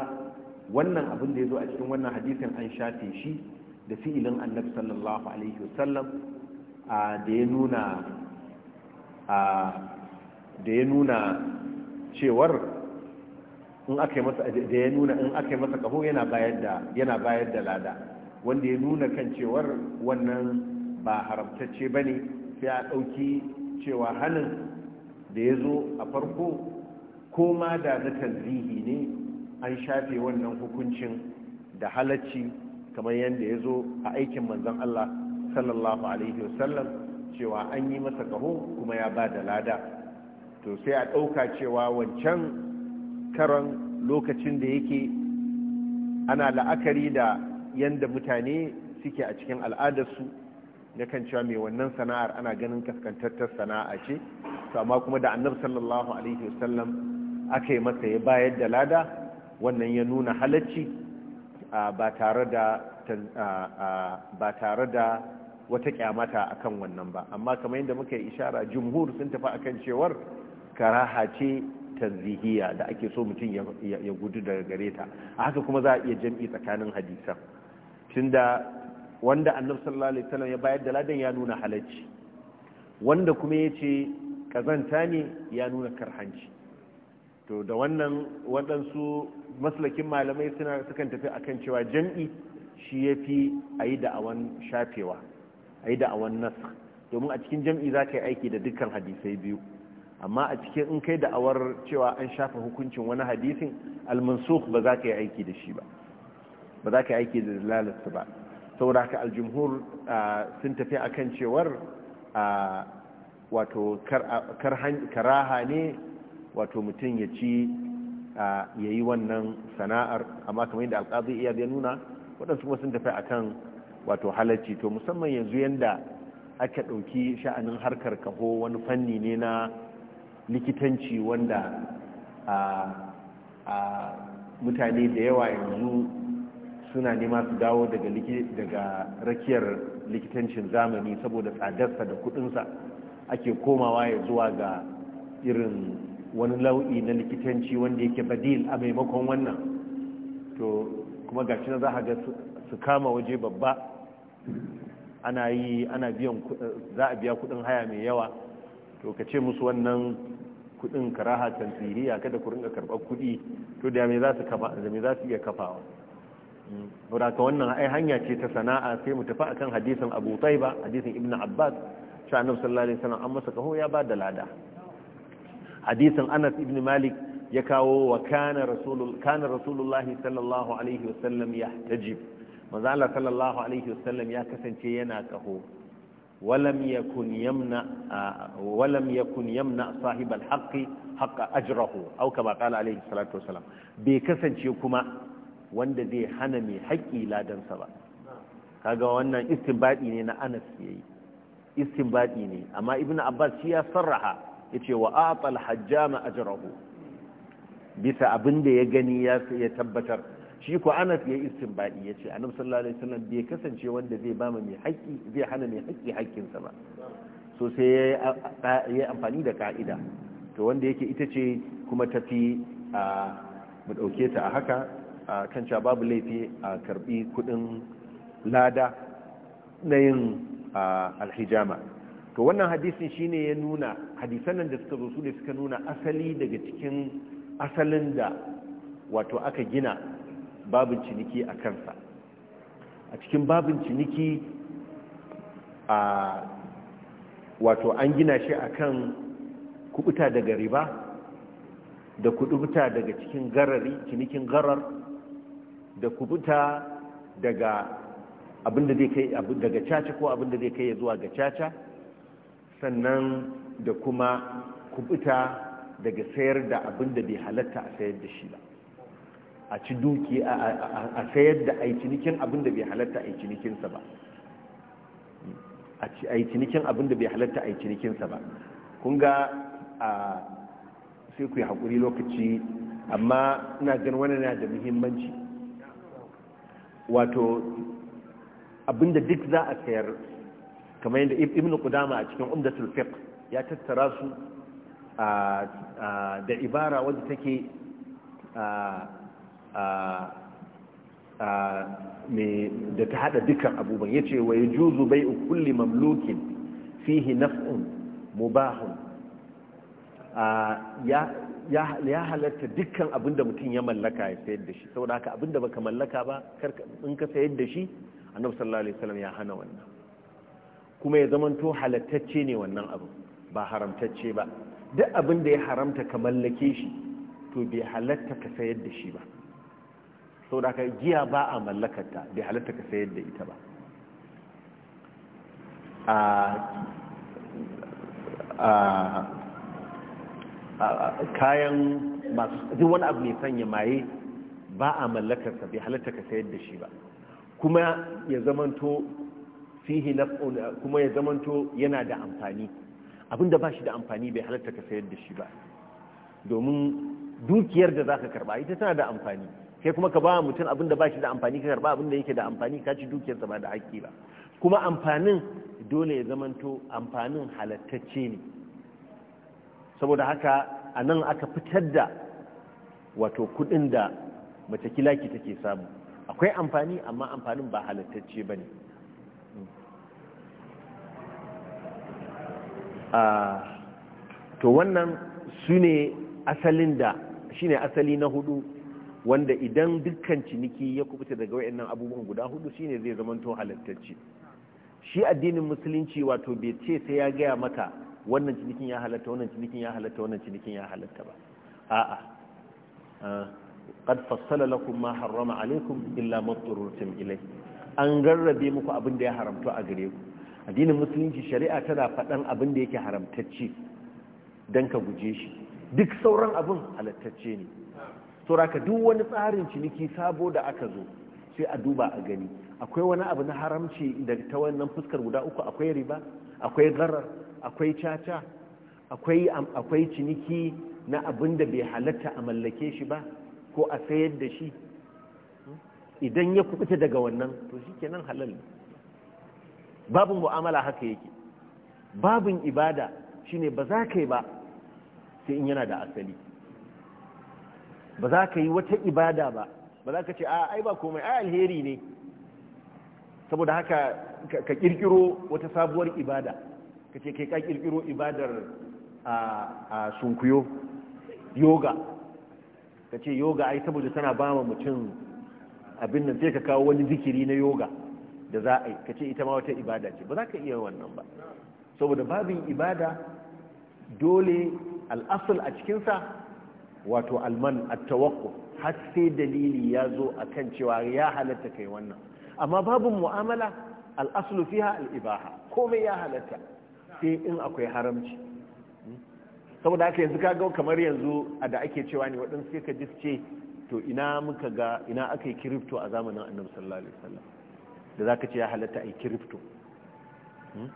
wannan abin da ya zo a cikin wannan hadisin an shafe shi da fi'ilin annabi sallallahu alaihi wasallam da ya nuna cewar in aka yi masa da ya nuna in aka yi masa kaho yana bayar da yana bayar da lada wanda ya nuna kan cewar wannan ba haramtacce ba ne sai a dauki cewa hannun da ya zo a farko ko ma da na zihi ne an shafe wannan hukuncin da halacci kamar yadda ya zo a aikin manzon Allah sallallahu alaihi wasallam cewa an yi masa kaho kuma ya ba da lada to sai a ɗauka cewa wancan karon lokacin da yake ana la'akari da yanda mutane suke a cikin al'adarsu na kan cewa mai wannan sana'ar ana ganin kaskantattar sana'a ce to amma kuma da annabi sallallahu alaihi wasallam aka yi masa ya bayar da lada wannan ya nuna halacci ba tare da wata kyamata akan wannan ba amma kamar yadda muka yi ishara jumhur sun tafi akan cewar karaha ce tanzihiya da ake so mutum ya gudu daga gare ta a haka kuma za a iya jam'i tsakanin hadisan tunda wanda annab sallallahu alaihi wasallam ya bayar da ladan ya nuna halacci wanda kuma ya ce kazanta ne ya nuna karhanci to da wannan waɗansu maslakin malamai suna sukan tafi akan cewa jam'i shi ya fi yafi yi da'awan shafewa yi da'awan nasa domin a cikin jam'i za ka yi aiki da dukkan hadisai biyu amma a cikin in kai da'awar cewa an shafa hukuncin wani hadisin al-mansukh ba za ka yi aiki da shi ba ba za ka yi aiki da dalalarsa ba saboda haka aljumhur sun tafi akan cewar wato karaha ne wato mutum ya ci ya yi wannan sana'ar amma kamar yadda alƙazi iya ya nuna waɗansu kuma sun tafi akan wato halarci to musamman yanzu yadda aka ɗauki sha'anin harkar kaho wani fanni ne na likitanci wanda a mutane da yawa yanzu suna nema su dawo daga rakiyar likitancin zamani saboda tsadarsa da kudinsa ake komawa ya zuwa ga irin wani lau'i na likitanci wanda yake badil a maimakon wannan to kuma gashi na za a ga su kama waje babba ana yi ana biyan za a biya kudin haya mai yawa to ka ce musu wannan kudin karaha tantsiriya kada ku ringa karɓar kudi to da me za su kafa da me za su iya kafawa mm. ka wannan ai hanya ce ta sana'a sai mu tafi akan hadisin Abu Taiba hadisin Ibn Abbas sha'anar Annabi sallallahu alaihi wasallam an masa kaho ya ba da lada hadisin Anas ibn Malik ya kawo wa kana rasulul kana sallallahu alaihi wasallam yahtajib manzo Allah sallallahu alaihi wasallam ya kasance yana kaho ولم يكن يمنع ولم يكن يمنع صاحب الحق حق أجره أو كما قال عليه الصلاة والسلام بكسن شيكما وند ذي حنمي حقي لا دنسا ba kaga wannan istinbadi ne na Anas yayi istinbadi ne amma Ibn Abbas shi ya sarraha yace wa atal hajjama ajrahu bisa abin da ya gani ya tabbatar shi ko anas ya istinbadi ya ce annabi sallallahu alaihi wasallam bai kasance wanda zai ba mai haƙƙi zai hana mai haƙƙi sa ba so sai ya yi amfani da ka'ida to wanda yake ita ce kuma tafi a mu dauke ta a haka a kan cewa babu laifi a karbi kudin lada na yin alhijama to wannan hadisin shine ya nuna hadisan nan da suka zo su ne suka nuna asali daga cikin asalin da wato aka gina babin ciniki a kansa a cikin babin ciniki a wato an gina shi a kan kubuta daga riba da kubuta daga cikin garari cinikin garar da kubuta daga abinda zai kai daga caca ko abinda zai kai zuwa ga caca sannan da kuma kubuta daga sayar da abinda bai halatta a sayar da shi ba a ci duki a sayar da aikinikin abinda abin da bai halatta aikinikinsa ba a ci aikinikin abin da bai halatta aikinikinsa ba kun ga a sai ku yi haƙuri lokaci amma ina gan wani na da muhimmanci wato abin da duk za a sayar kamar yadda ibn kudama a cikin umdatul sulfik ya tattara su da ibara wadda take da ta hada dukkan abubuwan ya ce wa ya juzu bai kulli mamlukin fihi naf'un mubahun ya halatta dukkan abin da mutum ya mallaka ya sayar da shi saboda haka abin da baka mallaka ba in ka sayar da shi annabi sallallahu alaihi wasallam ya hana wannan kuma ya zamanto halattacce ne wannan abu ba haramtacce ba duk abin da ya haramta ka mallake shi to bai halatta ka sayar da shi ba saboda haka giya ba a mallakarta bai halatta ka sayar da ita ba kayan masu duk wani abu mai sanya maye ba a mallakarta bai halatta ka sayar da shi ba kuma ya zamanto fihi kuma ya zamanto yana da amfani abinda ba shi da amfani bai halatta ka sayar da shi ba domin dukiyar da za ka karba ita tana da amfani kai kuma ka ba mutum abin da ba shi da amfani ka karba abin da yake da amfani ka ci dukiyarsa ba da haƙƙi ba kuma amfanin dole ya zamanto amfanin halattacce ne saboda haka a nan aka fitar da wato kuɗin da mace kilaki take samu akwai amfani amma amfanin ba halattacce ba ne ah, to wannan su ne asalin da shi ne asali na hudu wanda idan dukkan ciniki ya kubuta daga wayannan abubuwan guda hudu shine zai zama to shi addinin musulunci wato bai ce sai ya gaya maka wannan cinikin ya halatta wannan cinikin ya halatta wannan cinikin ya halatta ba a'a ah, qad fassala lakum ma harrama alaykum illa ma tururtum an garrabe muku abin da ya haramta a gare ku addinin musulunci shari'a tana faɗan abin da yake haramtacce dan ka guje shi duk sauran abin halattacce ne sauraka duk wani tsarin ciniki sabo da aka zo sai a duba a gani akwai wani abu na haramci da ta wannan fuskar guda uku akwai riba akwai zarar akwai caca akwai ciniki na abin da bai halatta a mallake shi ba ko a sayar da shi idan ya kubuta daga wannan to shi kenan halal babin mu'amala haka yake babin ibada shine ba za ka yi ba sai in yana da asali ba za ka yi wata ibada ba ba za ka ce a ai ba komai ai alheri ne saboda haka ka kirkiro wata sabuwar ibada ka ce ka kirkiro ibadar a sunkuyo yoga ka ce yoga ai saboda tana ba ma mutum abin nan sai ka kawo wani zikiri na yoga da za a yi ka ce ita ma wata ibada ce ba za ka iya wannan ba saboda babin ibada dole al'asul a cikinsa wato alman attawakku har sai dalili ya zo a kan cewa ya halatta kai wannan amma babin mu'amala al'aslu fiha al'ibaha komai ya halatta sai in akwai haramci saboda haka yanzu kaga kamar yanzu a da ake cewa ne waɗansu sai ka ce to ina muka ga ina aka yi kirifto a zamanin annabi sallallahu alaihi wasallam da zaka ce ya halatta ai kirifto hmm?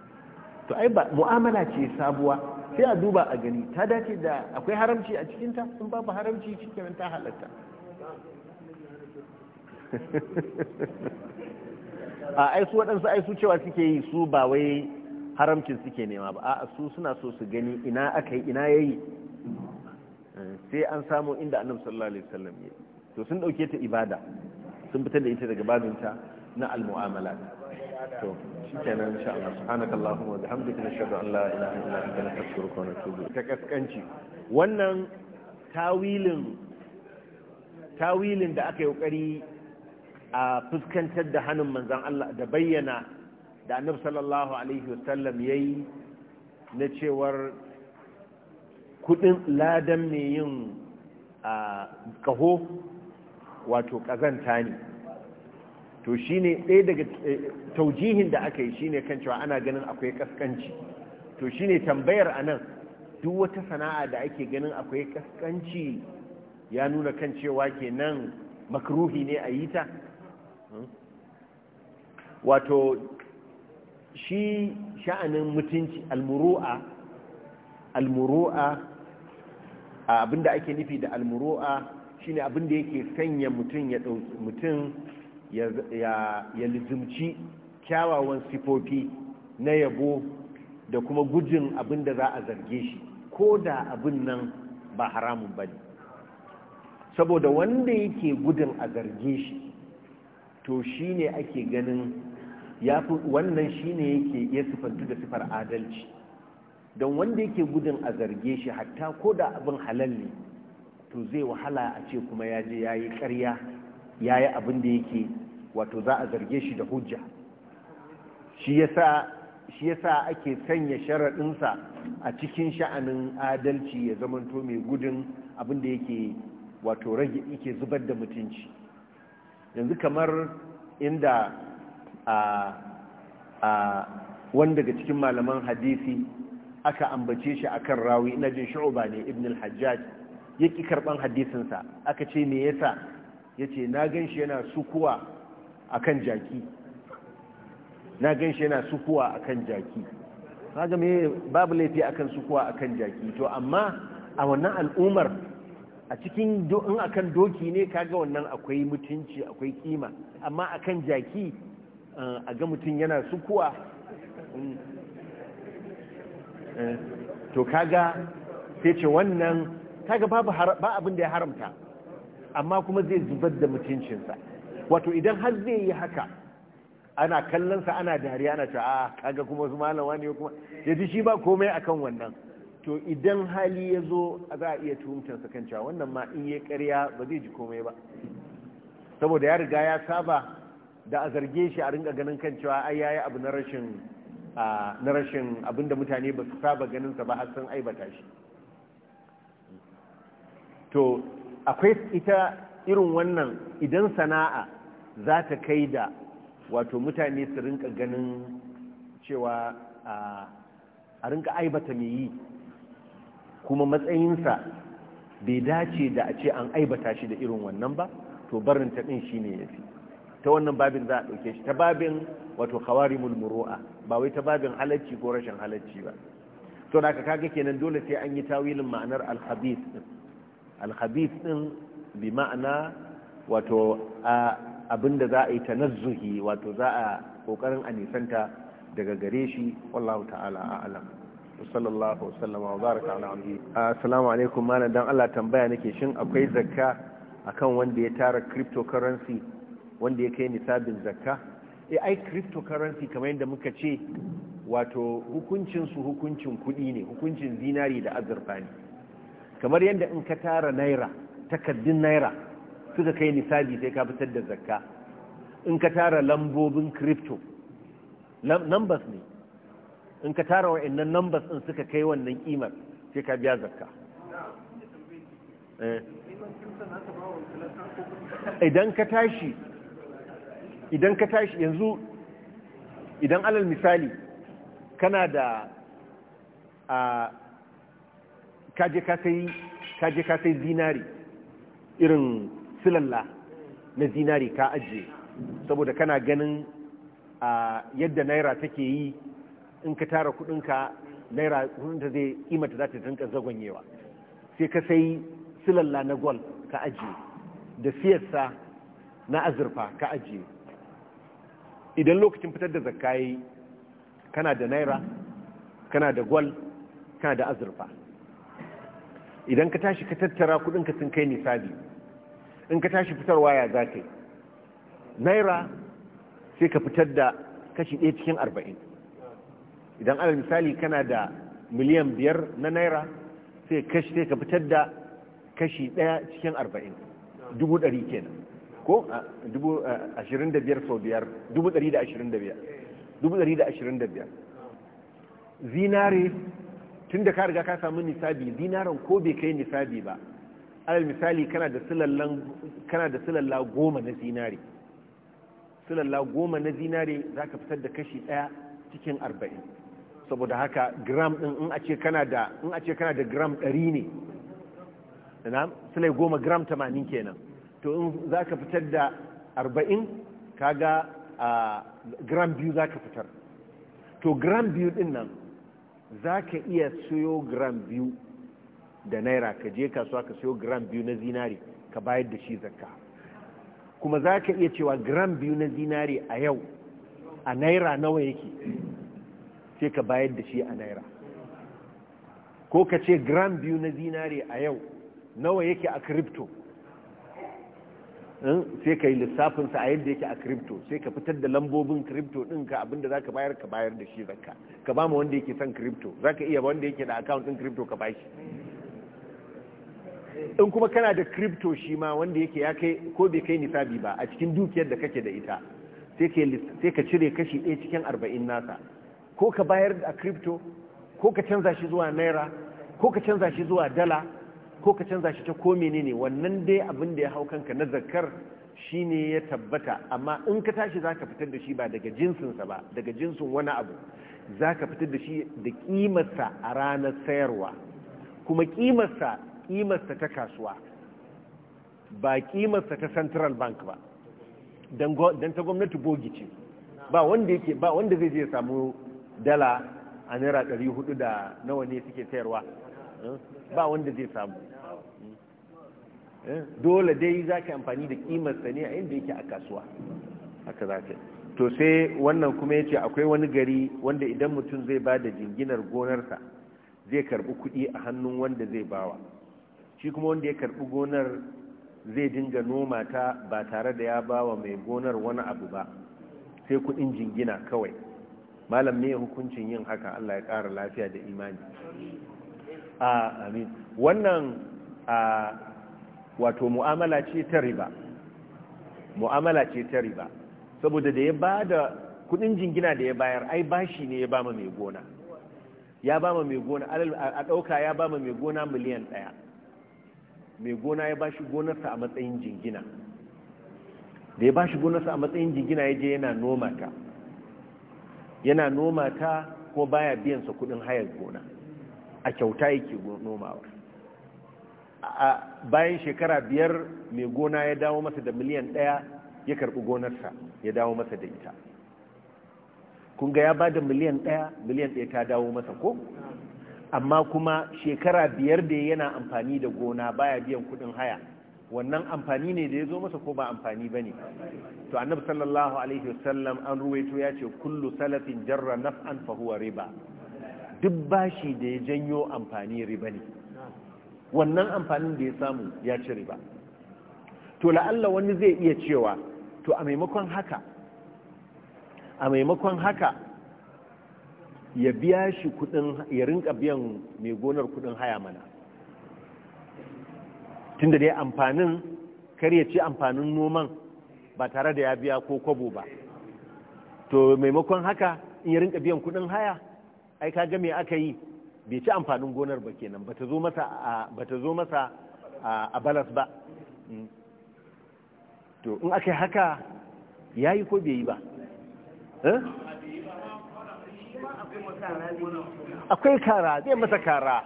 to ai ba mu'amala ce sabuwa sai a duba a gani ta dace da akwai haramci a cikinta sun babu haramci cikin ta halatta a aisu waɗansu aisu cewa suke yi su ba wai haramcin suke nema ba a su suna so su gani ina aka yi ina ya yi sai an samu inda annabi sallallahu alaihi wasallam ya yi to sun ɗauke ta ibada sun fitar da ita daga babinta na al-mu'amalat to wannan tawilin tawilin da aka yi kokari a fuskantar da hannun manzon Allah da bayyana da annabi sallallahu alaihi wasallam yayi na cewar kudin ladan mai yin kaho wato kazanta ne to shi ne ɗaya daga eh, taujihin da aka yi shi ne kan cewa ana ganin akwai kaskanci to shi ne tambayar a nan duk wata sana'a da ake ganin akwai kaskanci ya nuna kan cewa ke nan makruhi ne a yi ta hmm? wato shi sha'anin mutunci almuru'a almuru'a abinda ake nufi da almuru'a shine abinda yake sanya mutum ya mutum ya lizimci kyawawan sifofi na yabo da kuma gujin abin da za a zarge shi ko da abin nan ba haramun ba ne saboda wanda yake gudun a zarge shi to shi ne ake ganin wannan shi ne yake ya sifantu da sifar adalci don wanda yake gudun a zarge shi hatta ko da abin halal ne to zai wahala a ce kuma ya je ya yi karya ya yi abin da yake wato za a zarge shi da hujja shi ya yasa ake sanya sharaɗinsa a cikin sha'anin adalci ya zamanto mai gudun abin da yake wato rage yake zubar da mutunci yanzu kamar inda a a wanda daga cikin malaman hadisi aka ambace shi akan rawi na jin shu'uba ne ibn al-hajjaj yake karban hadisinsa aka ce me yasa Yace ce na gan shi yana sukuwa a jaki na gan yana sukuwa a jaki mai babu laifi a kan sukuwa a jaki to amma a wannan al'ummar a cikin in akan doki ne kaga wannan akwai mutunci akwai kima amma a kan jaki eh, a ga mutum yana sukuwa mm, eh, to kaga sai ce wannan kaga babu ba abin da ya haramta amma kuma zai zubar da mutuncinsa wato idan har zai yi haka ana kallonsa ana dariya ana cewa a ah, kaga kuma su malama ne kuma ya ji shi ba komai akan wannan to idan hali ya zo za a iya tuhumtarsa kan cewa wannan ma in ya karya ba zai ji komai ba saboda ya riga ya saba da a zarge shi a ringa ganin kan cewa ai yayi abu na rashin na rashin abinda mutane ba su saba ganin sa ba har sun aibata shi to akwai ita irin wannan idan sana'a za ta kai da wato mutane su rinka ganin cewa a rinka aibata mai yi kuma matsayinsa bai dace da a ce an aibata shi da irin wannan ba to barin ta shi ne ya fi ta wannan babin za a ɗauke shi ta babin wato hawari mulmuro'a ba wai ta babin halacci ko rashin halacci ba to da ka kaga kenan dole sai an yi tawilin ma'anar alhabis din alhabis ɗin bi ma'ana wato abinda za a yi tanazzuhi wato za a kokarin a nisanta daga gare shi wallahu ta'ala a'alam sallallahu wasallama wa baraka ala amhi assalamu alaikum malam Don Allah tambaya nake shin akwai zakka akan wanda ya tara cryptocurrency wanda ya kai nisabin zakka E ai cryptocurrency kamar yadda muka ce wato hukuncinsu hukuncin kuɗi ne hukuncin zinari da azurfa ne kamar yadda in ka tara naira takaddun naira suka kai nisabi sai ka fitar da zakka in ka tara lambobin crypto numbers ne in ka tara wa'annan numbers din suka kai wannan kimar sai ka biya zakka eh. idan ka tashi idan ka tashi yanzu idan alal misali kana da ah, kaje ka sai kaje ka sai zinari irin silalla na zinari ka ajiye saboda kana ganin a yadda naira take yi in ka tara kudinka naira ta zai imata za ta rinka zagonyewa sai ka sai silalla na gol ka ajiye da siyarsa na azurfa ka ajiye idan lokacin fitar da zakka kana da naira kana da gwal kana da azurfa idan ka tashi ka tattara kudinka sun kai nisabi in ka tashi fitarwa ya za ka yi naira sai ka fitar da kashi ɗaya cikin arba'in idan alal misali kana da miliyan biyar na naira sai kashi sai ka fitar da kashi ɗaya cikin arba'in dubu ɗari kenan ko dubu ashirin da biyar sau biyar dubu ɗari da ashirin da biyar dubu ɗari da ashirin da biyar zinare tun da ka riga ka samu nisabi dinaran ko bai kai nisabi ba alal misali kana da silalla goma na zinare silalla goma na zinare za ka fitar da kashi ɗaya cikin arba'in saboda haka gram ɗin in a ce kana da gram ɗari ne silai goma gram tamanin kenan to in za ka fitar da arba'in ka ga ah, gram biyu za ka fitar to gram biyu ɗin nan za ka iya siyo gram biyu da naira ka je kasuwa ka siyo gram biyu na zinari ka bayar da shi zakka kuma za ka iya cewa gram biyu na zinari a yau a naira nawa yake sai ka bayar da shi a naira ko ka ce gram biyu na zinari a yau nawa yake a crypto sai ka yi lissafinsa a yadda yake a crypto sai ka fitar da lambobin crypto ka abinda za ka bayar ka bayar da shi zakka ka ba ma wanda yake son crypto za ka iya wanda yake da account ɗin crypto ka ba shi in kuma kana da crypto shi ma wanda yake ya kai ko bai kai nisabi ba a cikin dukiyar da kake da ita sai ka cire kashi ɗaya cikin arba'in nasa ko ka bayar da crypto ko ka canza shi zuwa naira ko ka canza shi zuwa dala ko ka canza shi ta ko menene wannan dai abin da ya hau kanka na zakar shine ya tabbata amma in ka tashi zaka fitar da shi ba daga jinsinsa ba daga jinsin wani abu zaka fitar da shi da kimarsa a ranar sayarwa kuma kimarsa kimarsa ta kasuwa ba kimarsa ta central bank ba don ta gwamnati bogi ce ba wanda yake ba wanda zai je samu dala a naira 400 da nawa ne suke sayarwa ba wanda zai samu dole dai za ka amfani da kimar ne a inda yake a kasuwa haka za ka to sai wannan kuma ya ce akwai wani gari wanda idan mutum zai ba da jinginar gonarsa zai karbi kuɗi a hannun wanda zai bawa shi kuma wanda ya karbi gonar zai dinga noma ta ba tare da ya bawa mai gonar wani abu ba sai kuɗin jingina kawai malam ne hukuncin yin haka allah ya kara lafiya da imani a amin wannan a ah, wato mu'amala ce ta riba mu'amala ce ta riba saboda da ya ba da kudin jingina da ya bayar ai bashi ne ya bama mai gona ya bama mai gona a ɗauka ya bama mai gona miliyan ɗaya mai gona ya bashi gonarsa a matsayin jingina da ya bashi gonarsa a matsayin jingina ya je yana noma ta yana noma ta ko baya biyansa kudin hayar gona a kyauta yake nomawa a bayan shekara biyar mai gona ya dawo masa da miliyan ɗaya ya karbi gonarsa ya dawo masa da ita kun ga ya ba da miliyan ɗaya miliyan ɗaya ta dawo masa ko amma kuma shekara biyar da yana amfani da gona baya biyan kuɗin haya wannan amfani ne da ya zo masa ko ba amfani ba ne to annabi sallallahu alaihi wasallam an ruwaito ya ce kullu salafin jarra naf'an fa huwa riba duk bashi da ya janyo amfani riba ne wannan amfanin da ya samu ya ci riba to la'alla wani zai iya cewa to a maimakon haka a maimakon haka ya biya shi kudin ya rinka biyan mai gonar kudin haya mana tunda dai amfanin kar ya ci amfanin noman ba tare da ya biya ko kwabo ba to maimakon haka in ya rinka biyan kudin haya ai kaga me aka yi bai ci amfanin gonar ba kenan ba ta zo masa a balas ba mm. to in aka haka ya yi ko bai yi ba eh? akwai kara zai masa kara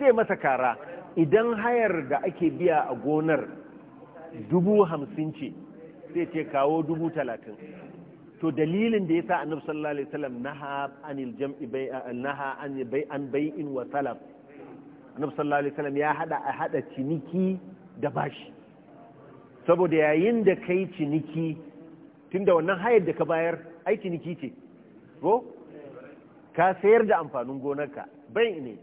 zai masa kara idan hayar da ake biya a gonar dubu hamsin ce zai ce kawo dubu talatin to dalilin da yasa annabi sallallahu alaihi wasallam naha anil jam'i bai naha an bai an bai'in wa talab annabi sallallahu alaihi wasallam ya hada a hada ciniki da bashi saboda yayin da kai ciniki tunda wannan hayar da ka bayar ai ciniki ce ko ka sayar da amfanin gonarka bai ne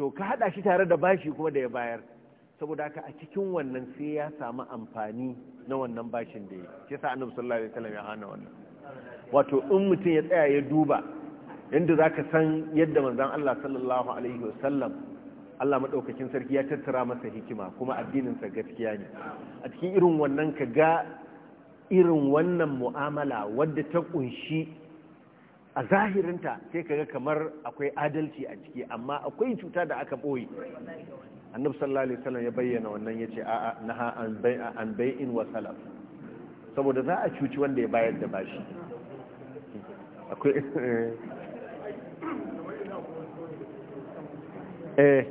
to ka hada shi tare da bashi kuma da ya bayar saboda haka a cikin wannan sai ya samu amfani na wannan bashin da ya ke sa annabi sallallahu alaihi wasallam ya hana wannan wato in mutum ya tsaya ya duba yadda za ka san yadda manzan Allah sallallahu Alaihi wasallam Allah maɗaukakin sarki ya tattara masa hikima kuma addininsa gaskiya ne a cikin irin wannan ka ga irin wannan mu'amala wadda ta kunshi a zahirinta sai ka ga kamar akwai adalci a ciki amma akwai cuta da aka ɓoye annabi sallallahu alaihi wasallam ya bayyana wannan yace a'a naha an bai'in wa salaf saboda za a cuci wanda ya bayar da bashi akwai eh, eh.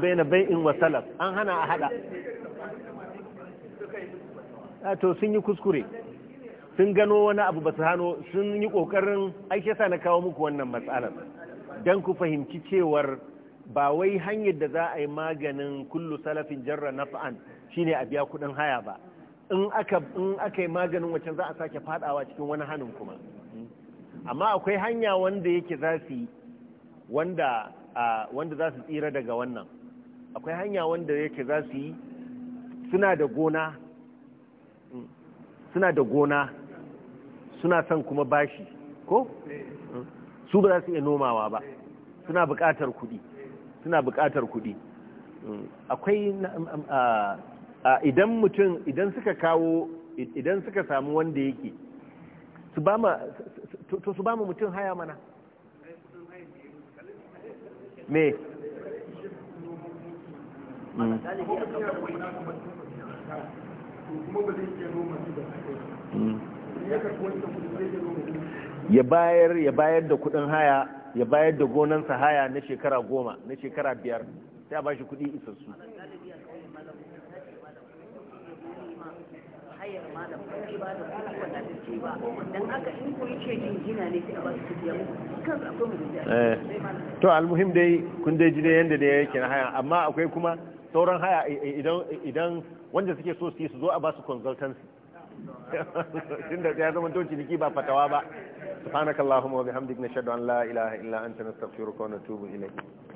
bai na bai'in wa salaf an hana a hada a ah, to sun yi kuskure sun gano wani abu ba su hano sun yi kokarin aike sa na kawo muku wannan matsalar don ku fahimci cewar ba wai hanyar da za a yi maganin kullu salafin jarra naf'an shine a biya kuɗin haya ba in aka yi maganin wacce za a sake fadawa cikin wani hannun kuma amma akwai hanya wanda yake za su wanda wanda za tsira daga wannan akwai hanya wanda yake za yi suna da gona mm, suna da gona suna son kuma bashi ko mm, su ba za su iya nomawa ba suna bukatar kuɗi suna buƙatar kuɗi mm, akwai mm, mm, idan mutum idan suka kawo idan suka samu wanda yake su ba ma to su ba mu mutum haya mana me ya bayar ya bayar da kudin haya ya bayar da gonan haya na shekara goma na shekara biyar sai a ba shi kuɗi isassu ba
da ba
su to almuhim dai kun dai ji dai yanda da yake na haya amma akwai kuma sauran haya idan idan wanda suke so su yi su zo a basu consultancy tun da ya zama to ciniki ba fatawa ba subhanakallahumma wa bihamdika nashhadu an la ilaha illa anta nastaghfiruka wa natubu ilayk